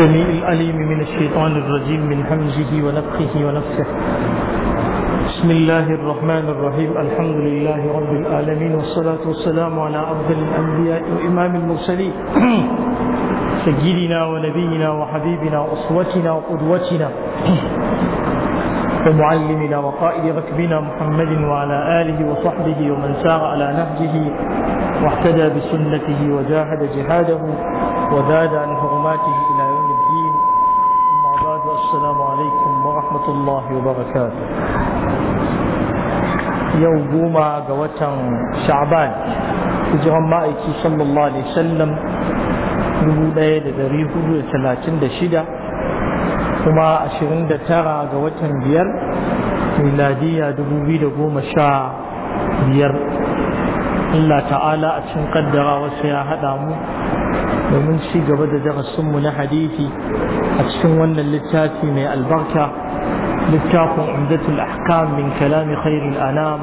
السميع الأليم من الشيطان الرجيم من حمزه ونفخه ونفسه بسم الله الرحمن الرحيم الحمد لله رب العالمين والصلاة والسلام على أفضل الأنبياء وإمام المرسلين سيدنا ونبينا وحبيبنا وأسوتنا وقدوتنا ومعلمنا وقائد ركبنا محمد وعلى آله وصحبه ومن سار على نهجه واحتدى بسنته وجاهد جهاده وزاد عن حرماته ورحمة الله وبركاته يوم قوة شعبان hijiran ma'aiki sallallahu alaihi wasallam dubu ɗaya da ɗari hudu da talatin da shida kuma ashirin da tara ga watan biyar miladiya dubu biyu da goma sha biyar Allah ta'ala a cikin kaddara wasu ya haɗa mu domin ci gaba da darasinmu na hadisi a cikin wannan littafi mai albarka littafin umdatul ahkam min kalami khairul anam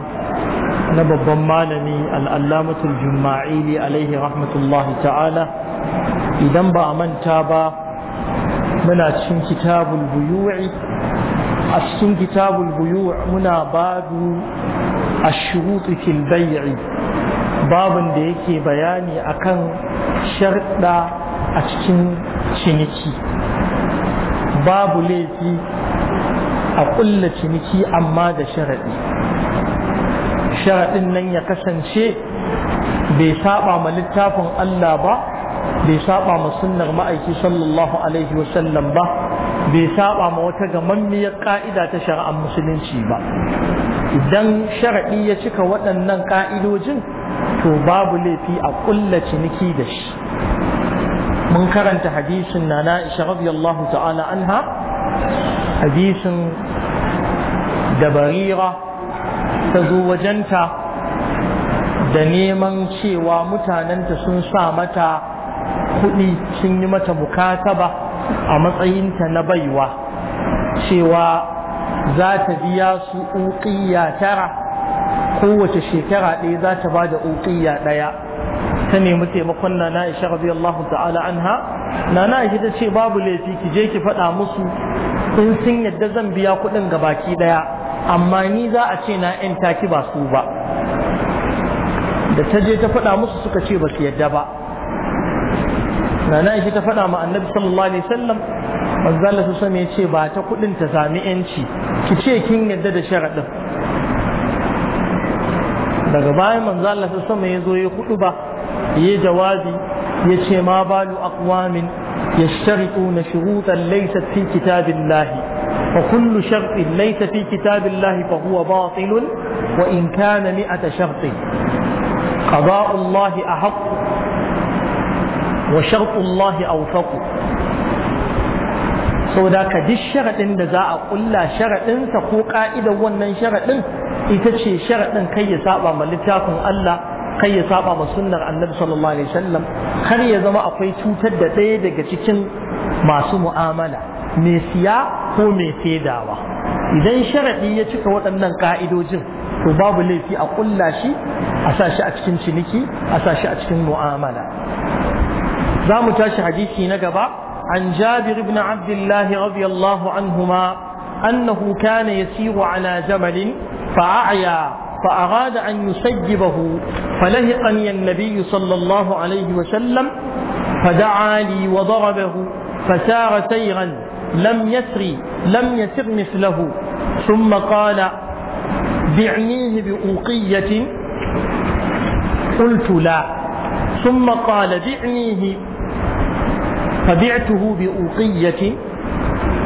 na babban malami al'allamatul juma'ili alaihi rahmatullahi ta'ala idan ba a manta ba muna cikin kitabul buyu'i a cikin kitabul buyu' muna babu الشروط في البيع babin da yake bayani akan sharɗa a cikin ciniki babu laifi a ƙulla ciniki amma da sharaɗi sharaɗin nan ya kasance bai saɓa ma littafin Allah ba bai saba ma sunnar ma'aiki sallallahu alaihi wasallam ba bai saba ma wata gamammiyar ƙa'ida ta shari'ar musulunci ba idan sharaɗi ya cika waɗannan ƙa'idojin. to babu laifi a kulla ciniki da shi mun karanta hadisin na na'isha radiyallahu ta'ala anha hadisin da barira ta zo wajenta da neman cewa mutanenta sun sa mata kuɗi sun yi mata ba a matsayinta na baiwa cewa za ta biya su uƙiya tara kowace shekara ɗaya za ta ba da uƙiyya ɗaya ta nemi taimakon na na isha radiyallahu ta'ala anha na na isha ta ce babu laifi ki je ki faɗa musu in sun yadda zan biya kuɗin ga baki ɗaya amma ni za a ce na ƴan taki ba su ba da ta je ta faɗa musu suka ce ba su yadda ba na na isha ta faɗa ma annabi sallallahu alaihi wasallam manzo Allah su ya ce ba ta kuɗin ta sami ƴanci. ki ce kin yadda da sharaɗin daga bayan manzo Allah sai sama ya zo ya kudu ba ya jawabi ya ce ma balu aqwamin yashtarituna shurutan laysat fi kitabillahi kullu فكل شرط ليس في كتاب الله فهو باطل وإن كان مئة شرط قضاء الله أحق وشرط الله أوثق sau da ka duk sharaɗin da za a kulla sharadin sharaɗinsa ko ƙa'idan wannan sharadin ita ce sharaɗin kai ya saba ma littafin Allah kai ya saba ma sunnar annabi sallallahu alaihi wasallam kar ya zama akwai cutar da ɗaya daga cikin masu mu'amala mai siya ko mai saidawa idan sharaɗi ya cika waɗannan ƙa'idojin to babu laifi a ƙulla shi a sa shi a cikin ciniki a sa shi a cikin mu'amala za mu tashi hadisi na gaba عن جابر بن عبد الله رضي الله عنهما أنه كان يسير على جمل فأعيا فأراد أن يسجبه فلهقني النبي صلى الله عليه وسلم فدعا لي وضربه فسار سيرا لم يسر لم يسر مثله ثم قال بعنيه بأوقية قلت لا ثم قال بعنيه فبعته بأوقية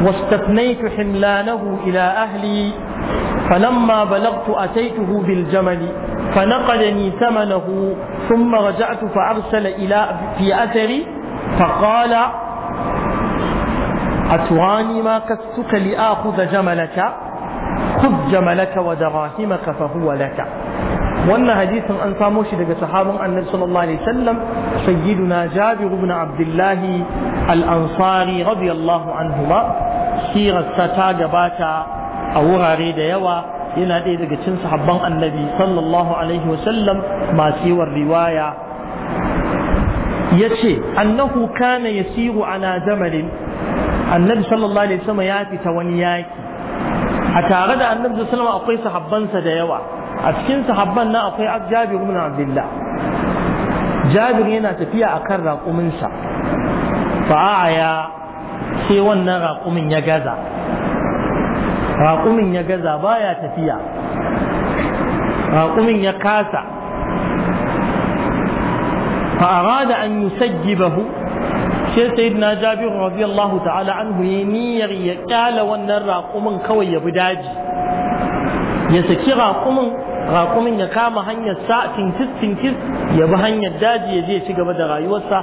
واستثنيت حملانه إلى أهلي فلما بلغت أتيته بالجمل فنقلني ثمنه ثم رجعت فأرسل إلى في أثري فقال أتراني ما كستك لآخذ جملك خذ جملك ودراهمك فهو لك wannan hadisin an samo shi daga sahabin annabi sallallahu alaihi wasallam sayyiduna jabir ibn abdullah al-ansari radiyallahu anhuma sirar ta gabata a wurare da yawa yana ɗaya daga cin sahabban annabi sallallahu alaihi wasallam masu yiwar riwaya ya ce annahu kana yasiru ana jamalin annabi sallallahu alaihi wasallam ya fita wani yaƙi. a tare da annabi sallallahu alaihi wasallam akwai sahabbansa da yawa a cikin sahabban nan akwai Jabir ibn Abdullah Jabir yana tafiya akan raƙuminsa fa'aya sai wannan raƙumin ya gaza raƙumin ya gaza baya tafiya raƙumin ya kasa فأراد أن يسجبه sai sayyidina jabir radiyallahu ta'ala anhu ya niyyar ya kyala wannan raƙumin kawai ya bi daji ya saki raƙumin raƙumin ya kama hanyar sa tinkis tinkis ya bi hanyar daji ya je ya ci gaba da rayuwarsa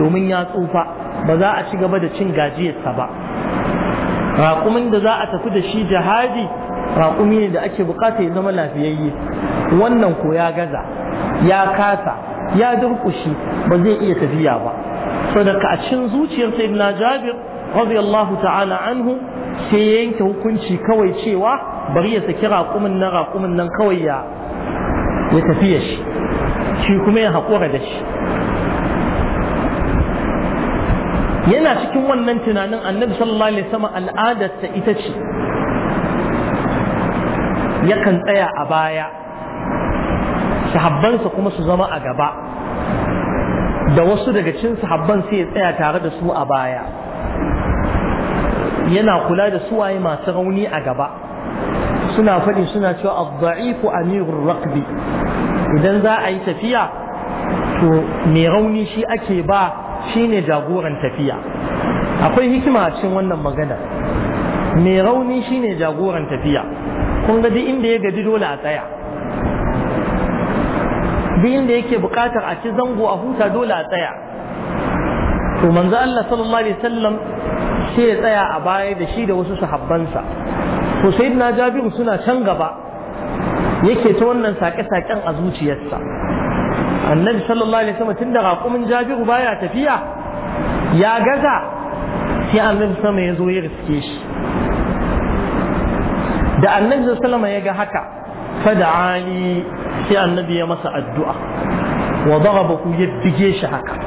domin ya tsufa ba za a ci gaba da cin gajiyarsa ba raƙumin da za a tafi da shi jihadi raƙumi ne da ake bukata ya zama lafiyayye wannan ko ya gaza ya kasa ya durƙushi ba zai iya tafiya ba saboda a cikin zuciyar sayyidina jabir radiyallahu ta'ala anhu sai ya yanke hukunci kawai cewa bari ya saki raƙumin nan raƙumin nan kawai ya ya tafiya shi shi kuma ya haƙura da shi yana cikin wannan tunanin annabi sallallahu alaihi wasallam al'adarsa ita ce yakan tsaya a baya sahabbansa kuma su zama a gaba da wasu daga cikin sahabban sai ya tsaya tare da su a baya yana kula da suwaye masu rauni a gaba suna faɗi suna cewa abda'ifu amirul raqbi idan za a yi tafiya to mai rauni shi ake ba shine jagoran tafiya akwai hikima a cikin wannan magana mai rauni shine jagoran tafiya kun ga duk inda ya gaji dole a tsaya duk inda yake bukatar a ci zango a huta dole a tsaya to manzo Allah sallallahu alaihi wasallam sai ya tsaya a baya da shi da wasu sahabbansa to sayyidina Jabiru suna can gaba yake ta wannan sake-saken a zuciyarsa annabi sallallahu alaihi wasallam tunda raƙumin jabiru baya tafiya ya gaza sai annabi sama ya zo ya riske shi da annabi sallama ya ga haka fa da fada'ani sai annabi ya masa addu'a wa darabahu ya bige shi haka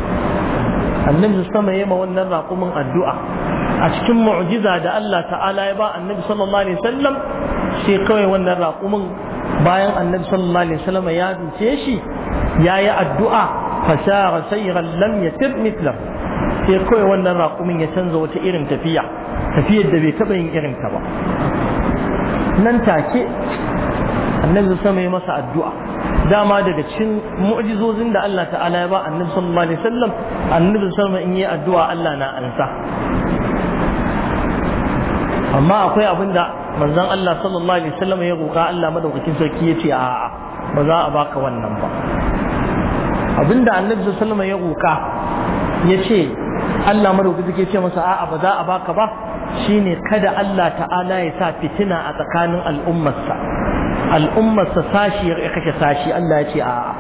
annabi sama ya ma wannan raƙumin addu'a a cikin mu'jiza da Allah ta'ala ya ba annabi sallallahu alaihi wasallam sai kawai wannan raƙumin bayan annabi sallallahu alaihi wasallam ya duce shi Ya yi addu'a fasara sayran lam yatir mithla sai kawai wannan raƙumin ya canza wata irin tafiya tafiyar da bai taɓa yin irin ta ba nan take annabi sama ya masa addu'a dama daga cikin mu'jizozin da Allah ta'ala ya ba annabi sallallahu alaihi wasallam annabi sama in yi addu'a Allah na ansa amma akwai abin da manzon Allah sallallahu alaihi wasallam ya roƙa Allah madaukakin sarki ya ce a'a ba za a baka wannan ba abinda annabi sallallahu alaihi ya roka ya ce Allah madaukaki ke ce masa a'a ba za a baka ba Shi ne kada Allah ta'ala ya sa fitina a tsakanin al'ummarsa al'ummarsa sashi ya kashe sashi Allah ya ce a'a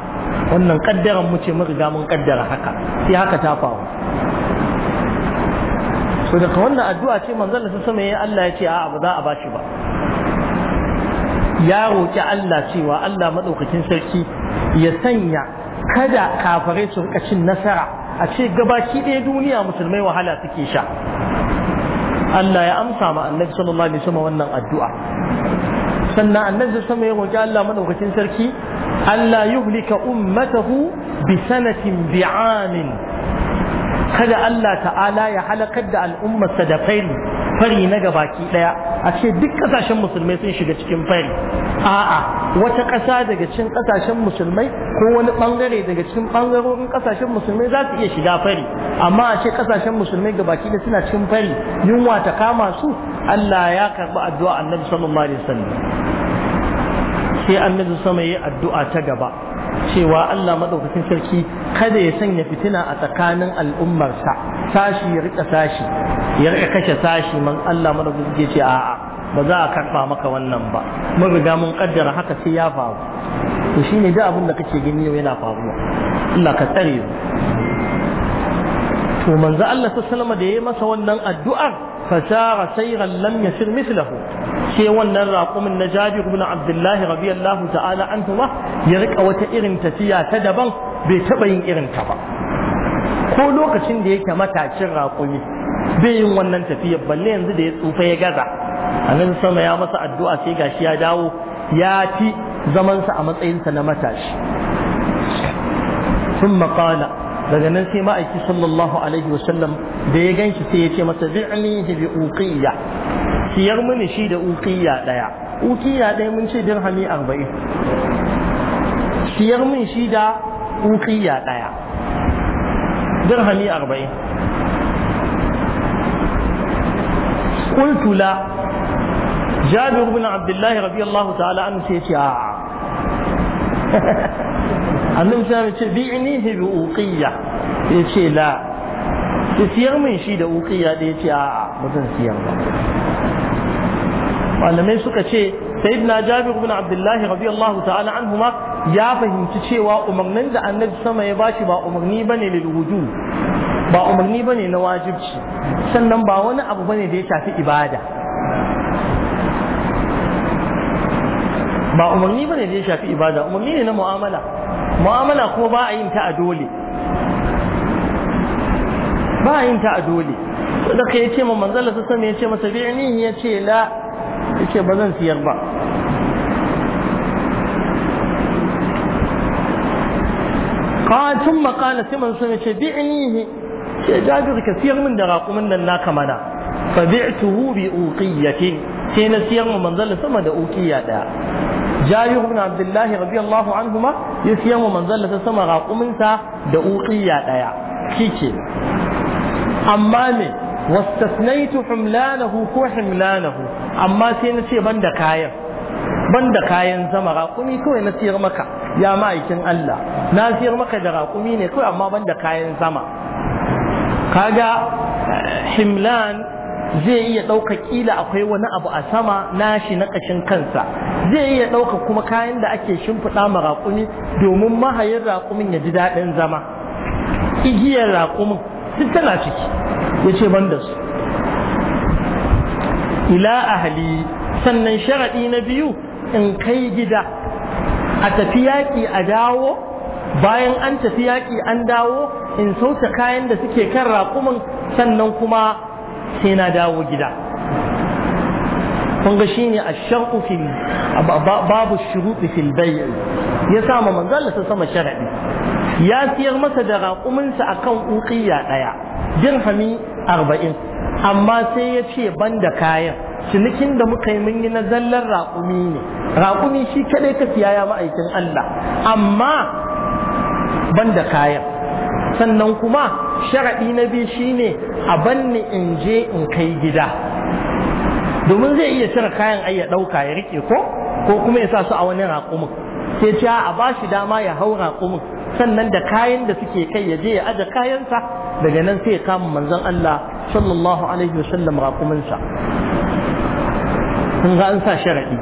wannan kaddaran mu ce mun riga mun kaddara haka sai haka ta faru so daga wannan addu'a ce manzon Allah sama ya Allah ya ce a'a ba za a ba shi ba ya roki Allah cewa Allah madaukakin sarki ya sanya kada kafare su rika cin nasara a ce gabaki ɗaya duniya musulmai wahala suke sha Allah ya amsa ma annabi sallallahu alaihi wasallam wannan addu'a sannan annabi sama ya roki Allah madaukakin sarki Allah yuhlika ummatahu bi sanatin bi'amin kada Allah ta'ala ya halakar da al'ummarsa da faili fari na gabaki daya a ce duk kasashen musulmai sun shiga cikin fari a'a wata kasa daga cikin kasashen musulmai ko wani bangare daga cikin bangarorin kasashen musulmai za su iya shiga fari amma a ce kasashen musulmai gabaki daya suna cikin fari yunwa ta kama su Allah ya karbi addu'a Annabi sallallahu alaihi wasallam sai Annabi sama yi addu'a ta gaba cewa Allah Maɗaukakin sarki kada ya sanya fitina a tsakanin al'ummarsa sashi ya rika sashi ya rika kashe sashi man Allah madaukakin ya ce a'a ba za a karɓa maka wannan ba mun riga mun kaddara haka sai ya faru to shine da abin da kake gani yau yana faruwa Allah ka tsare to manzo Allah sallallahu alaihi da yayi masa wannan addu'ar fasara sayran lam yasir mithlahu sai wannan raqumin na Jabir ibn Abdullah radiyallahu ta'ala anhu ya rika wata irin tafiya ta daban bai taba yin irin ta ba ko lokacin da yake matashin raƙumi bai yin wannan tafiyar balle yanzu da ya tsufa ya gaza annabi sama ya masa addu'a sai gashi ya dawo ya fi zamansa a matsayinsa na matashi ثم قال daga nan sai ma'aiki sallallahu alaihi wasallam da ya ganshi sai ya ce masa bi'ni bi uqiyya siyar mini shi da uqiyya daya uqiyya daya mun ce dirhami 40 siyar min shi da uqiyya daya dirhami 40 qultu la jabir ibn abdullah radiyallahu ta'ala anhu sai ya ce a'a annabi sai ce bi bi'nihi bi uqiyya ce la ki siyar min shi da uqiyya da yace a'a ba zan siyar ba malamai suka ce sayyidina jabir ibn abdullahi radiyallahu ta'ala anhuma ya fahimci cewa umarnin da annabi sama ya bashi ba umarni bane lil wujub ba umarni bane na wajibci sannan ba wani abu bane da ya shafi ibada ba umarni bane da ya shafi ibada umarni ne na mu'amala mu'amala kuma ba a yin ta a dole ba a yin ta a dole da ka yace ma manzala sa sama yace masa bi'ni yace la yace ba zan siyar ba قال ثم قال سمن سمع بعنيه جابر كثير من دراقم من الناك منا فبعته بأوقية سينا سيرم من ظل سمد أوقية دا jabir ibn abdullahi radiyallahu anhuma ya siya wa manzon sama raƙuminsa da uqiya daya kike amma me wastasnaitu humlanahu ko humlanahu amma sai na ce banda kayan banda kayan sama raƙumi kawai na siyar maka ya ma'aikin Allah na siyar maka da raƙumi ne kawai amma banda kayan sama kaga eh, himlan zai iya ɗauka ƙila akwai wani abu a sama nashi na ƙashin kansa zai iya ɗauka kuma kayan da ake shimfiɗa ma raƙumi domin mahayin raƙumin ya ji daɗin zama igiyar raƙumin duk tana ciki ya ce ban da su ila ahali sannan sharaɗi na biyu in kai gida a tafi yaƙi a dawo bayan an tafi yaƙi an dawo in sauta kayan da suke kan raƙumin sannan kuma sai na dawo gida kun ga shine ash-shartu fil babu shuruti fil bay' ya sama manzalla ta sama sharadi ya siyar masa da raƙuminsa akan uqiya daya dirhami 40 amma sai ya ce banda kayan cinikin da muka yi mun yi na zallar raƙumi ne raƙumi shi kadai ka siya ya ma'aikin Allah amma banda kayan sannan kuma sharaɗi na biyu shine a banni in je in kai gida domin zai iya cire kayan ai ya ɗauka ya rike ko ko kuma ya sa su a wani raƙumin sai ce a ba shi dama ya hau raƙumin sannan da kayan da suke kai ya je ya aje kayansa daga nan sai ya kama manzon Allah sallallahu alaihi wasallam raƙuminsa kun ga an sa sharadi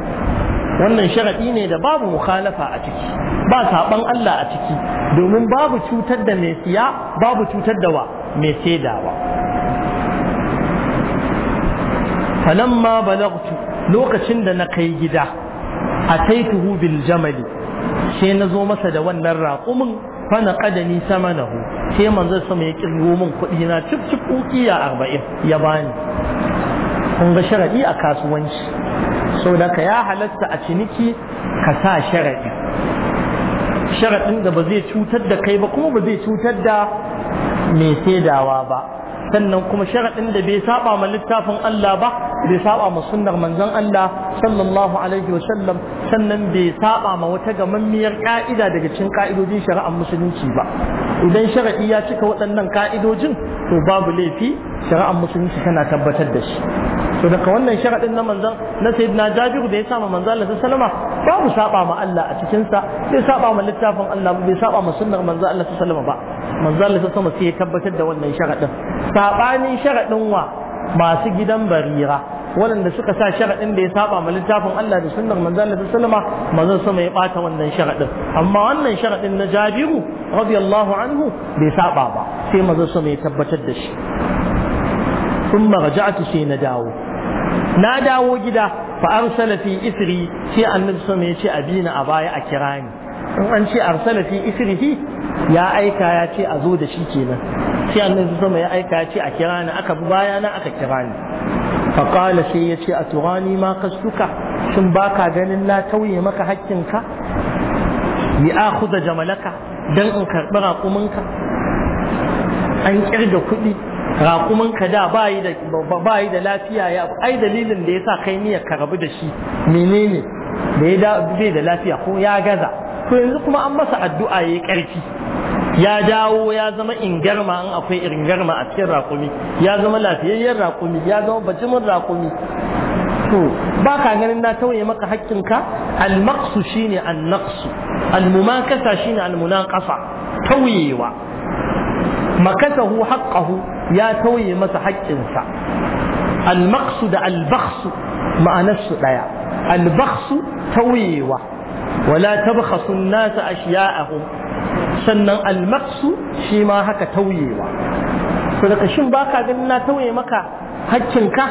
wannan sharadi ne da babu mukhalafa a ciki ba saban Allah a ciki domin babu cutar da mai siya babu cutar da wa mai saidawa ma balagtu lokacin da na kai gida ataituhu bil jamali sai na zo masa da wannan raƙumin fana ƙadani sama na hu sai zai sama ya kirgo min kuɗi na cif cif a arba'in ya bani kun ga sharaɗi a kasuwanci so da ka ya halatta a ciniki ka sa sharaɗi sharaɗin da ba zai cutar da kai ba kuma ba zai cutar da mai saidawa ba sannan kuma sharaɗin da bai saba ma littafin Allah ba bai saba ma sunnar manzon Allah sallallahu alaihi wa sallam sannan bai saba ma wata gamammiyar ka'ida daga cikin ka'idojin shari'ar musulunci ba idan sharaɗi ya cika waɗannan ka'idojin to babu laifi shari'ar musulunci tana tabbatar da shi to daga wannan sharaɗin na manzon na sayyidina Jabiru da ya ma manzon Allah sallallahu alaihi babu saba ma Allah a cikin sa bai saba ma littafin Allah bai saba ma sunnar manzon Allah sallallahu alaihi ba manzon Allah sama ya tabbatar da wannan sharaɗin saɓanin sharaɗin wa masu gidan barira waɗanda suka sa sharaɗin da ya saba ma littafin Allah da sunnar manzon Allah sallama manzon sama ya bata wannan sharaɗin amma wannan sharaɗin na Jabiru radiyallahu anhu bai saba ba sai manzon sama ya tabbatar da shi sun maraja'atu sai na dawo na dawo gida fa arsala fi isri sai annabi sama ya ce abina a baya a kira ni. in an ce arsala fi isrihi ya aika ya ce a zo da shi kenan sai annabi sama ya aika ya ce a kira ni aka bi baya na aka kira ni fa qala sai ya ce a turani ma kastuka shin baka ganin na tauye maka hakkinka li akhudha jamalaka dan in karbi raƙuminka an kirga kuɗi raƙuminka da bayi da bayi da lafiya ya ai dalilin da yasa kai ni ka rabu da shi menene da ya da lafiya ko ya gaza to yanzu kuma an masa addu'a yayi karfi ya dawo ya zama ingarma an akwai ingarma a cikin rakumi ya zama lafiyayyen rakumi ya zama bajimin rakumi to ba ka ganin na tauye maka haƙƙinka al-maqsu shine an-naqsu shine al tauyewa makasahu haqqahu ya tauye masa haƙƙinsa al da al-bakhsu ma'anarsu daya al tauyewa wala tabkhasu an-nas ashiya'ahum sannan al-maqsu shi ma haka tauyewa to daga shin baka ganin na tauye maka hakkinka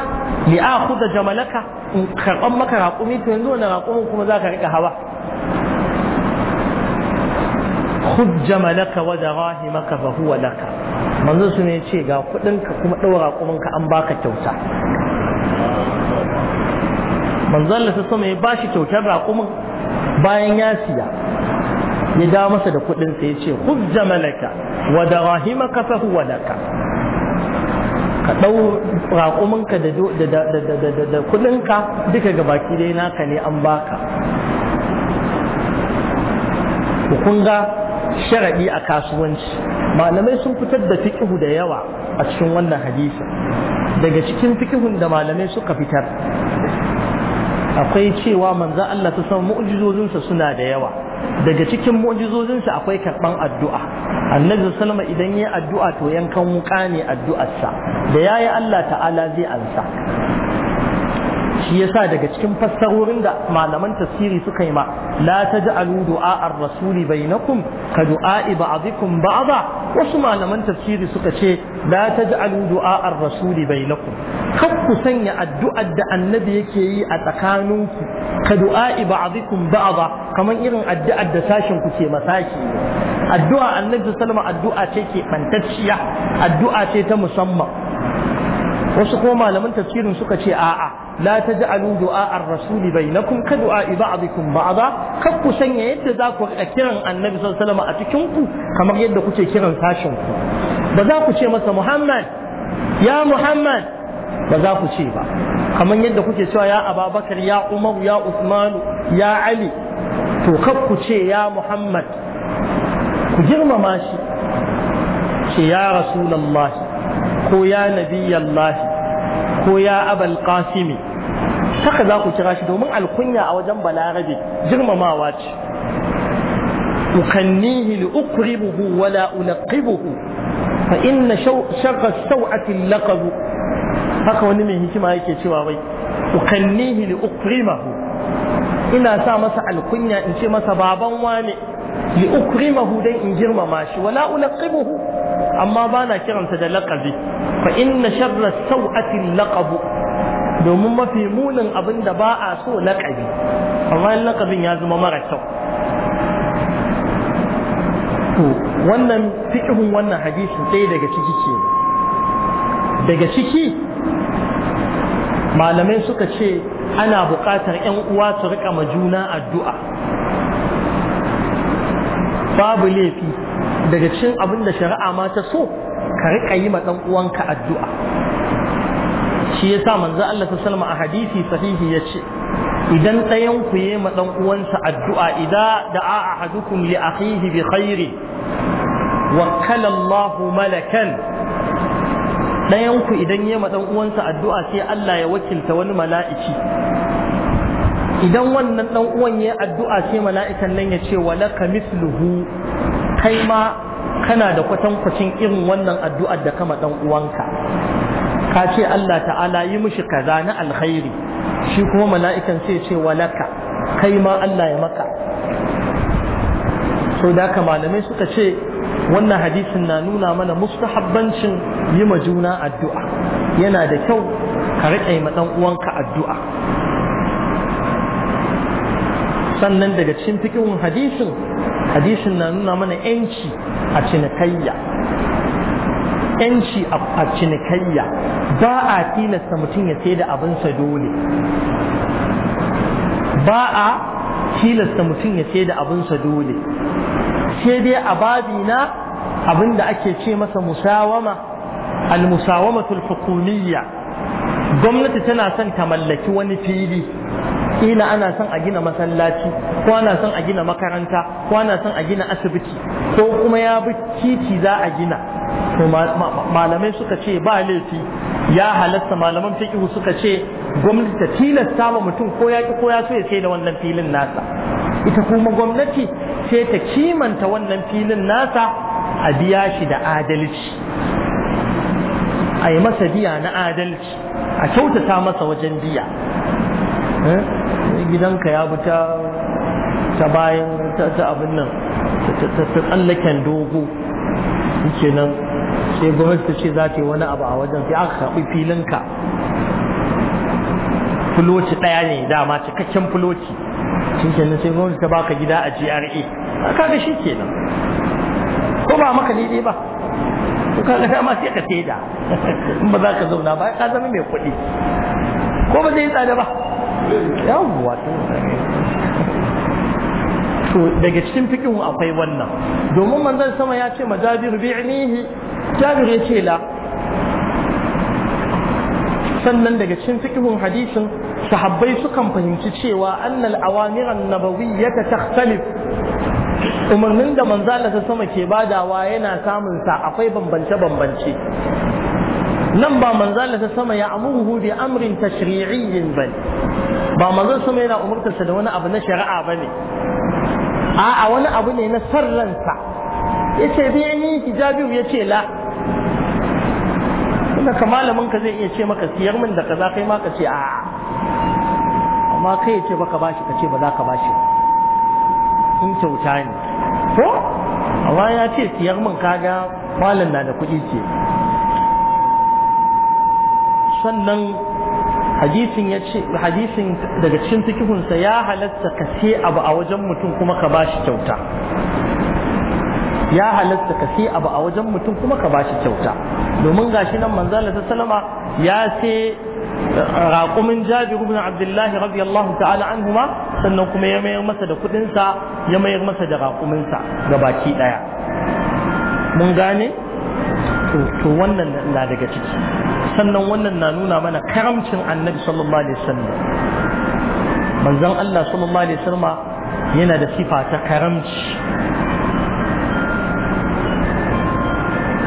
li akhudha jamalaka in karban maka raƙumi to yanzu wannan raƙumin kuma zaka rika hawa khudh jamalaka wa darahimaka fa huwa laka manzo su ne ce ga kudinka kuma daura ka an baka kyauta manzo Allah sai ya bashi kyautar raƙumin bayan ya siya ya da masa da kuɗin sa ya ce hujja malaka wa ka fa huwa laka ka ɗau raƙuminka da kuɗinka duka ga baki dai naka ne an baka kun ga sharaɗi a kasuwanci malamai sun fitar da fikihu da yawa a cikin wannan hadisi daga cikin fikihun da malamai suka fitar akwai cewa manzo Allah ta san mu'jizozinsa suna da yawa daga cikin mu'jizozinsa akwai karban addu'a annabi sallama idan yayi addu'a to yankan wuka ne addu'arsa da yayi Allah ta'ala zai ansa shi yasa daga cikin fassarorin da malaman tafsiri suka yi ma la taj'alu du'a rasuli bainakum ka du'a'i ba'dikum ba'da wasu malaman tafsiri suka ce la taj'alu du'a ar-rasuli bainakum kar ku sanya addu'ar da annabi yake yi a tsakaninku ka du'a'i ba'dikum ba'da kamar irin addu'ar da sashin ku ke masaki addu'a annabi sallama addu'a ce ke addu'a ce ta musamman wasu kuma malaman tafsirin suka ce a'a la taj'alu du'a ar-rasuli bainakum ka du'a ba'dikum ba'da kar ku sanya yadda za ku kiran annabi sallallahu alaihi wasallam a cikin ku kamar yadda kuke kiran sashin ku ba za ku ce masa Muhammad ya Muhammad ba za ku ce ba kamar yadda kuke cewa ya Ababakar ya Umar ya Usman ya Ali to kar ku ce ya Muhammad ku girmama shi ce ya Rasulullahi ko ya Al-Lahi, ko ya abal qasimi haka za ku kira shi domin alkunya a wajen balarabe girmamawa ce ukannihi li ukribuhu wala unaqibuhu fa inna sharra saw'ati laqab haka wani mai hikima yake cewa wai ukannihi li ukrimahu ina sa masa alkunya in ce masa baban wane li ukrimahu dan in girmama shi wala unaqibuhu amma bana kiransa da laqabi fainna inna sharra sau'ati domin mafi munin abin da ba a so laƙabi amma laƙabin ya zama mara kyau to wannan fiƙihun wannan hadisin ɗaya daga ciki ke daga ciki malamai suka ce ana buƙatar 'yan uwa su riƙa ma juna addu'a babu laifi daga cin abin da shari'a ma ta so ka riƙa yi ma ɗan'uwanka uwanka addu'a shi yasa manzo Allah ta salma a hadisi sahihi ya ce idan ɗayan ku yi ma uwansa addu'a idan da a ahadukum li akhihi bi khairi wakkala Allah malakan ɗayan ku idan yi ma uwansa addu'a sai Allah ya wakilta wani mala'iki idan wannan ɗan uwan ya addu'a sai mala'ikan nan ya ce walaka misluhu kai ma kana da kwatankwacin irin wannan addu'ar da kama dan uwanka ka ce Allah ta'ala yi mishi kaza na alkhairi shi kuma mala'ikan sai ce walaka kai ma Allah ya maka sau da haka malamai suka ce wannan hadisin na nuna mana mustahabbancin yi ma juna addu'a yana da kyau ka riƙe ma ɗan uwanka addu'a sannan daga cikin fikin hadisin hadisin na nuna mana yanci a cinikayya yanci a cinikayya ba a tilasta mutum ya sai da abinsa dole ba a tilasta mutum ya sai da abinsa dole sai dai a babi na abin da ake ce masa musawama al-musawamatul hukumiyya gwamnati tana son ta mallaki wani fili kila ana son a gina masallaci ko ana son a gina makaranta ko ana son a gina asibiti ko kuma ya bi titi za a gina to malamai suka ce ba laifi ya halatta malaman fiqhu suka ce gwamnati ta tilasta ma mutum ko ya ki ko ya so ya sai da wannan filin nasa ita kuma gwamnati sai ta kimanta wannan filin nasa a biya shi da adalci a yi masa biya na adalci a kyautata masa wajen biya Eh? gidanka ya bi ta bayan ta abin nan ta tsallaken dogo yake nan sai gwamnati ce za ta yi wani abu a wajen sai aka karɓi filinka fuloti ɗaya ne dama cikakken fuloti shi kenan sai gwamnati ta baka gida a GRA ah, kaga shi kenan ko ba maka daidai ba ko kaga dama sai ka saida in ba za ka zauna ba ka zama mai kuɗi ko ba zai yi tsada ba yawwa to daga cikin fikin akwai wannan domin manzan sama ya ce ma jabir bi'nihi jabir ya ce la sannan daga cikin fikin hadisin sahabbai sukan fahimci cewa annal awamiran nabawiyyata takhtalif umarnin da manzala ta sama ke badawa yana samun sa akwai bambance-bambance nan ba manzala ta sama ya amuruhu bi amrin tashri'iyyin bane ba manzon sama yana umurtarsa da wani abu na shari'a ba ne a'a wani abu ne na sarransa ya ce bi ni hijabiyu ya ce la kuma ka malamin ka zai iya ce maka siyar min da ka za kai ma ka ce a amma kai ya ce baka bashi ka ce ba za ka bashi in kyauta ne ko amma ya ce siyar min kaga malam na da kuɗi ce sannan hadisin ya ce hadisin daga cikin fikihunsa ya halatta ka sai abu a wajen mutum kuma ka bashi kyauta ya halatta ka sai abu a wajen mutum kuma ka bashi kyauta domin gashi nan manzo Allah sallama ya sai eh, raƙumin Jabir ibn Abdullah radiyallahu ta'ala anhuma sannan kuma ya mayar masa da kudin sa ya mayar masa da raqumin sa gabaki daya mun gane to wannan na daga ciki sannan wannan na nuna mana karamcin annabi sallallahu alaihi wasallam manzon Allah sallallahu alaihi wasallam yana da sifa ta karamci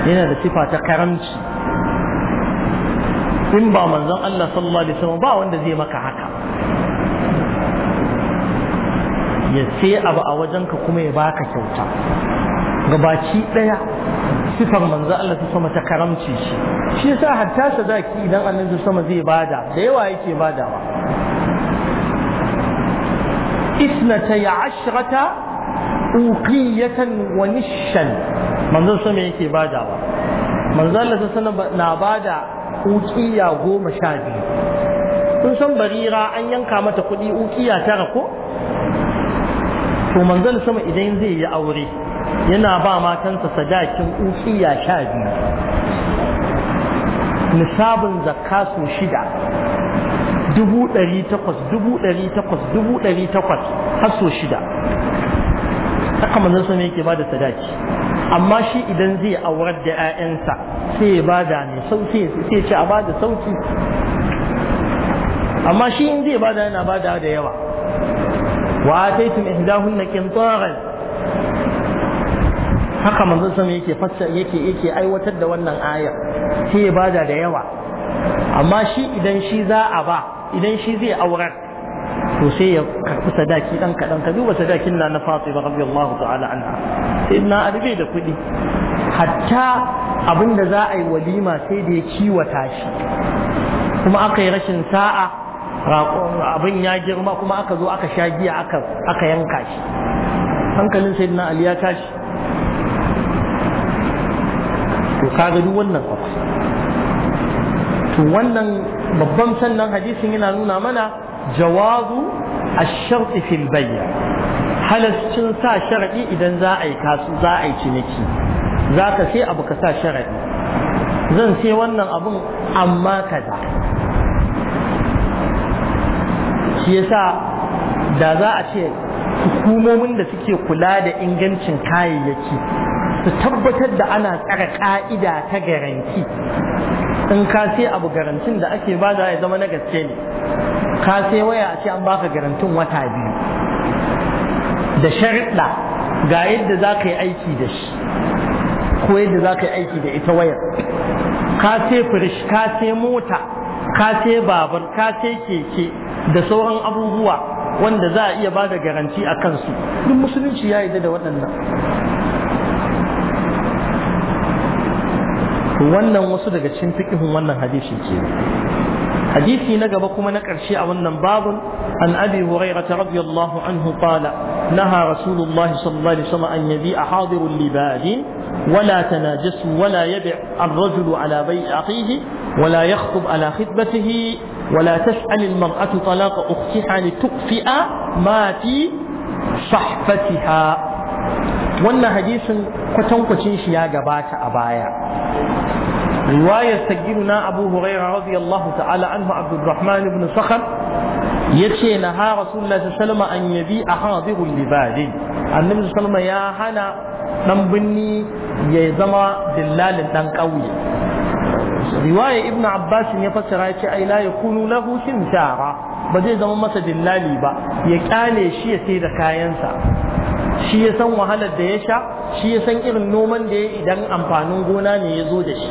yana da sifa ta karamci in ba manzon Allah sallallahu alaihi wasallam ba wanda zai maka haka ya sai abu a wajenka kuma ya baka kyauta gabaki daya sifar manzo Allah ta sama ta karamci shi shi yasa hatta zaki idan annabi sama zai bada da yawa yake badawa ta isnatay ashrata uqiyatan wa nishan manzo sama yake badawa manzo Allah ta sana na bada uqiya goma sha biyu kun san barira an yanka mata kuɗi uqiya tara ko to manzo sama idan zai yi aure yana ba matansa sadakin ukiya sha biyu nisabin zakka su shida dubu ɗari takwas dubu ɗari takwas dubu ɗari takwas har so shida haka manzon sa ne yake ba da sadaki amma shi idan zai aurar da 'ya'yansa sai ya ba da mai sauki sai ce a ba da sauki amma shi in zai ba da yana ba da yawa wa ataitum ihdahunna qintaran haka manzon sama yake fassara yake yake aiwatar da wannan ayar sai ya bada da yawa amma shi idan shi za a ba idan shi zai aurar to sai ya karɓi sadaki dan kaɗan ka duba sadakin na na Fatima radiyallahu ta'ala anha sai na arbe da kuɗi hatta abin da za a yi walima sai da ya kiwata shi kuma aka yi rashin sa'a abin ya girma kuma aka zo aka sha giya aka yanka shi hankalin sai na ali ya tashi to kaga duk wannan akwai to wannan babban sannan hadisin yana nuna mana jawazu a في البيع halascin sa sharaɗi idan za a yi kasu za a yi ciniki za ka sai abu ka sa sharaɗi zan sai wannan abun amma kaza shi yasa da za a ce hukumomin da suke kula da ingancin kayayyaki su tabbatar da ana tsara ka'ida ta garanti in ka sai abu garantin da ake ba da ya zama na gaske ne ka sai waya a ce an baka garantin wata biyu da sharuɗa ga yadda za ka yi aiki da shi ko yadda za ka yi aiki da ita wayar ka sai firish ka sai mota ka sai babur ka sai keke da sauran abubuwa wanda za a iya ba da garanti a kansu duk musulunci ya yi da waɗannan to wannan wasu daga cikin fiqhun wannan hadisi ke hadisi na gaba kuma na ƙarshe a wannan babun an abi hurairah radiyallahu anhu qala نهى رسول الله صلى الله عليه وسلم أن يبيع حاضر لباد ولا تناجسوا ولا يبع الرجل على بيع أخيه ولا يخطب على خطبته ولا تسأل المرأة طلاق أختها لتكفئ ما في صحفتها wannan hadisin kwatankwacin shi ya gabata a baya riwayar sagiruna abu huraira radiyallahu ta'ala anhu abdurrahman ibn sakhar yace na ha rasulullahi sallallahu an yabi a hadirul libadi annabi sallallahu ya hana dan binni ya zama dillalin dan kauye riwaya ibn abbas ya fassara yace ai la yakunu lahu simsara ba zai zama masa dillali ba ya kyale shi ya sai da kayansa shi ya san wahalar da ya sha shi ya san irin noman da ya idan amfanin gona ne ya zo da shi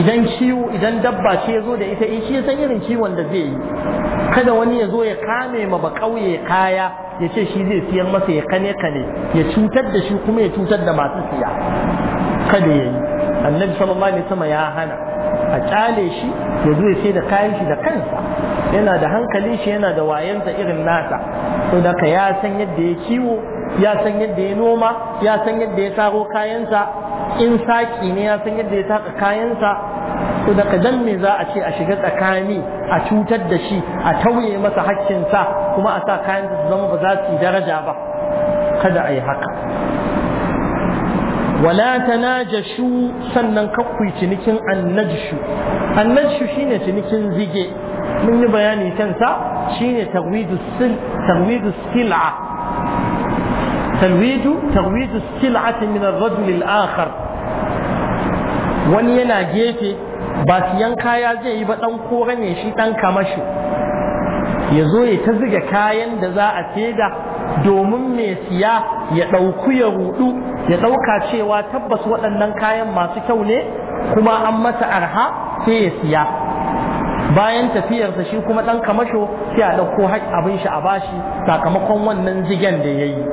idan ciwo idan dabba ce ya zo da ita eh, shi ya san irin ciwon da zai yi kada wani ya zo ya kame ma ba kauye kaya ya ce shi zai siyan masa ya kane kane ya cutar da shi kuma ya cutar da masu siya kada ya yi annabi sallallahu alaihi wasallam ya hana a kyale shi ya zo ya sai da kayan shi da kansa yana da hankali shi yana da wayanta irin nasa to daga ya san yadda ya kiwo ya san yadda ya noma ya san yadda ya saro kayansa in saki ne ya san yadda ya taka kayansa to daga dan me za a ce a shiga tsakani a cutar da shi a tauye masa hakkinsa kuma a sa kayansa su zama ba za su yi daraja ba kada a yi haka wala tanajashu sannan kakkui cinikin annajshu annajshu shine cinikin zige mun yi bayani kansa shine tarwidu sil tarwidu sil'a tagwidu tagwidu sil'ati min ar-rajul al-akhar wani yana gefe ba siyan kaya zai yi ba ɗan kore ne shi dan kamashi ya zo ya ta ziga kayan da za a saida domin mai siya ya ɗauku ya rudu ya ɗauka cewa tabbas waɗannan kayan masu kyau ne kuma an masa arha sai ya siya bayan tafiyarsa shi kuma ɗan kamasho sai a ɗauko abin shi a bashi sakamakon wannan zigen da ya yi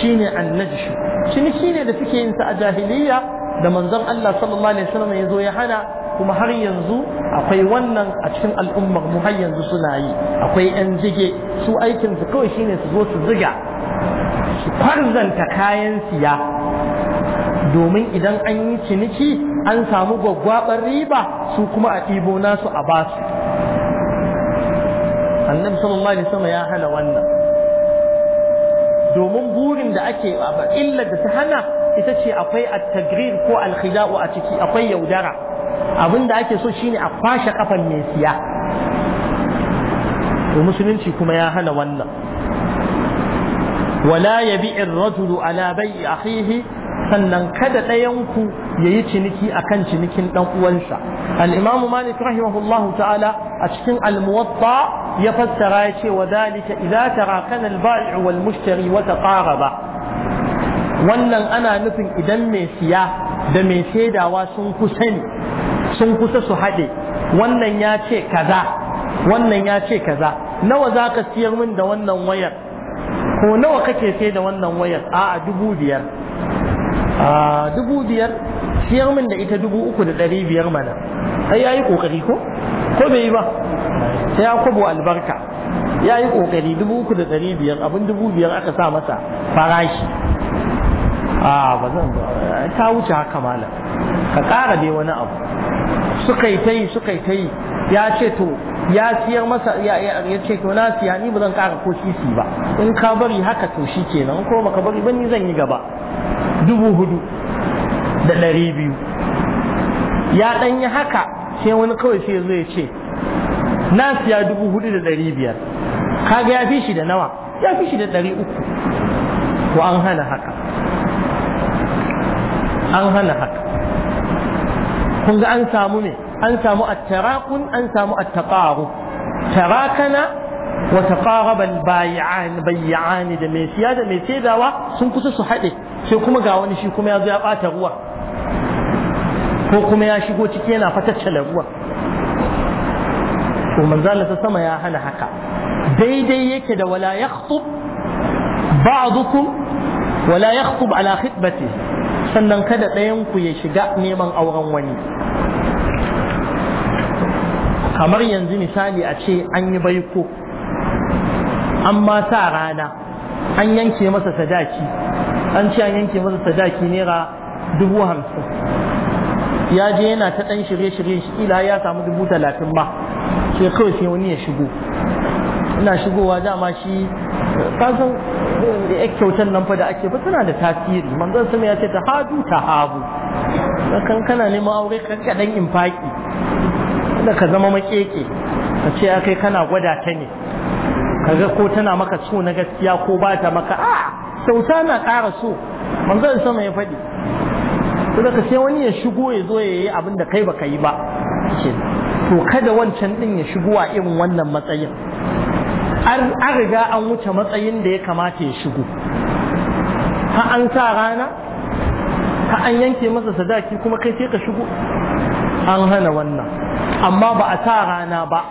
shi ne ne da suke yin sa a jahiliya da manzon Allah sallallahu alaihi wasallam ya zo ya hana kuma har yanzu akwai wannan a cikin al'ummar mu har yanzu suna yi akwai yan jige su aikin su kawai shine su zo su ziga su kwarzanta kayan siya domin idan an yi ciniki an samu gwaggwabar riba su kuma a ɗibo nasu a basu annabi sallallahu alaihi wasallam ya hana wannan domin burin da ake illar da ta hana ita ce akwai at-tagrir ko al-khida'u a ciki akwai yaudara abin da ake so shine a kwashe kafan mai siya to musulunci kuma ya hana wannan wala yabi'ir rajulu ala bai'i akhihi sannan kada ɗayanku ya yi ciniki a kan cinikin ɗan uwansa al'imamu malik rahimahullahu ta'ala a cikin almuwatta ya fassara ya ce wa dalika idza tarakana al-bai'u wal mushtari wa taqaraba wannan ana nufin idan mai siya da mai saidawa sun kusa ne sun kusa su haɗe wannan ya ce kaza wannan ya ce kaza nawa za ka siyar min da wannan wayar ko nawa kake sai da wannan wayar a'a dubu biyar dubu biyar siyar min da ita dubu uku da ɗari biyar mana ai ya yi ƙoƙari ko ko bai yi ba Sai ya kwabo albarka ya yi ƙoƙari dubu uku da ɗari biyar abin dubu biyar aka sa masa farashi a ba zan ta wuce haka malam ka ƙara dai wani abu suka yi ta yi suka yi ta yi ya ce to ya siyar masa ya ce to na siya ni ba zan ƙara ko sisi ba in ka bari haka to shi kenan ko baka bari ba ni zan yi gaba dubu hudu da ɗari biyu ya ɗan yi haka sai wani kawai sai zai ce na siya dubu hudu da ɗari biyar kaga ya fi shi da nawa ya fi shi da ɗari uku ko an hana haka an hana haka kun ga an samu ne an samu attarakun an samu attaqaru tarakana wa taqaraba albayi'an bayyani da mai siya da mai saidawa sun kusa su haɗe sai kuma ga wani shi kuma ya zo ya ɓata ruwa ko kuma ya shigo ciki yana fataccala ruwa to manzala ta sama ya hana haka daidai yake da wala yakhtub ba'dukum wala yakhtub ala khitbati sannan kada ɗayan ku ya shiga neman auren wani kamar yanzu misali a ce an yi baiko amma sa rana an yanke masa sadaki an ci an yanke masa sadaki naira dubu hamsin ya je yana ta ɗan shirye-shirye shi ila ya samu dubu talatin ba sai kawai sai wani ya shigo ina shigowa dama shi kasan da eh, ya kyautar nan fa da ake ba tana da tasiri manzon sama ya ce ta hadu ta habu kan kana neman aure ka kaɗan infaki da ka zama makeke ka ce ya kai kana gwada ta ne kaga ko tana maka so na gaskiya ko ba ta maka a kyauta na ƙara so manzon sama ya faɗi to daga sai wani ya shigo ya zo ya yi abin da kai baka yi ba to kada wancan din ya shigo a irin wannan matsayin an riga an wuce matsayin da ya kamata ya shigo ha an sa rana ha an yanke masa sadaki kuma kai sai ka shigo an hana wannan amma ba a sa rana ba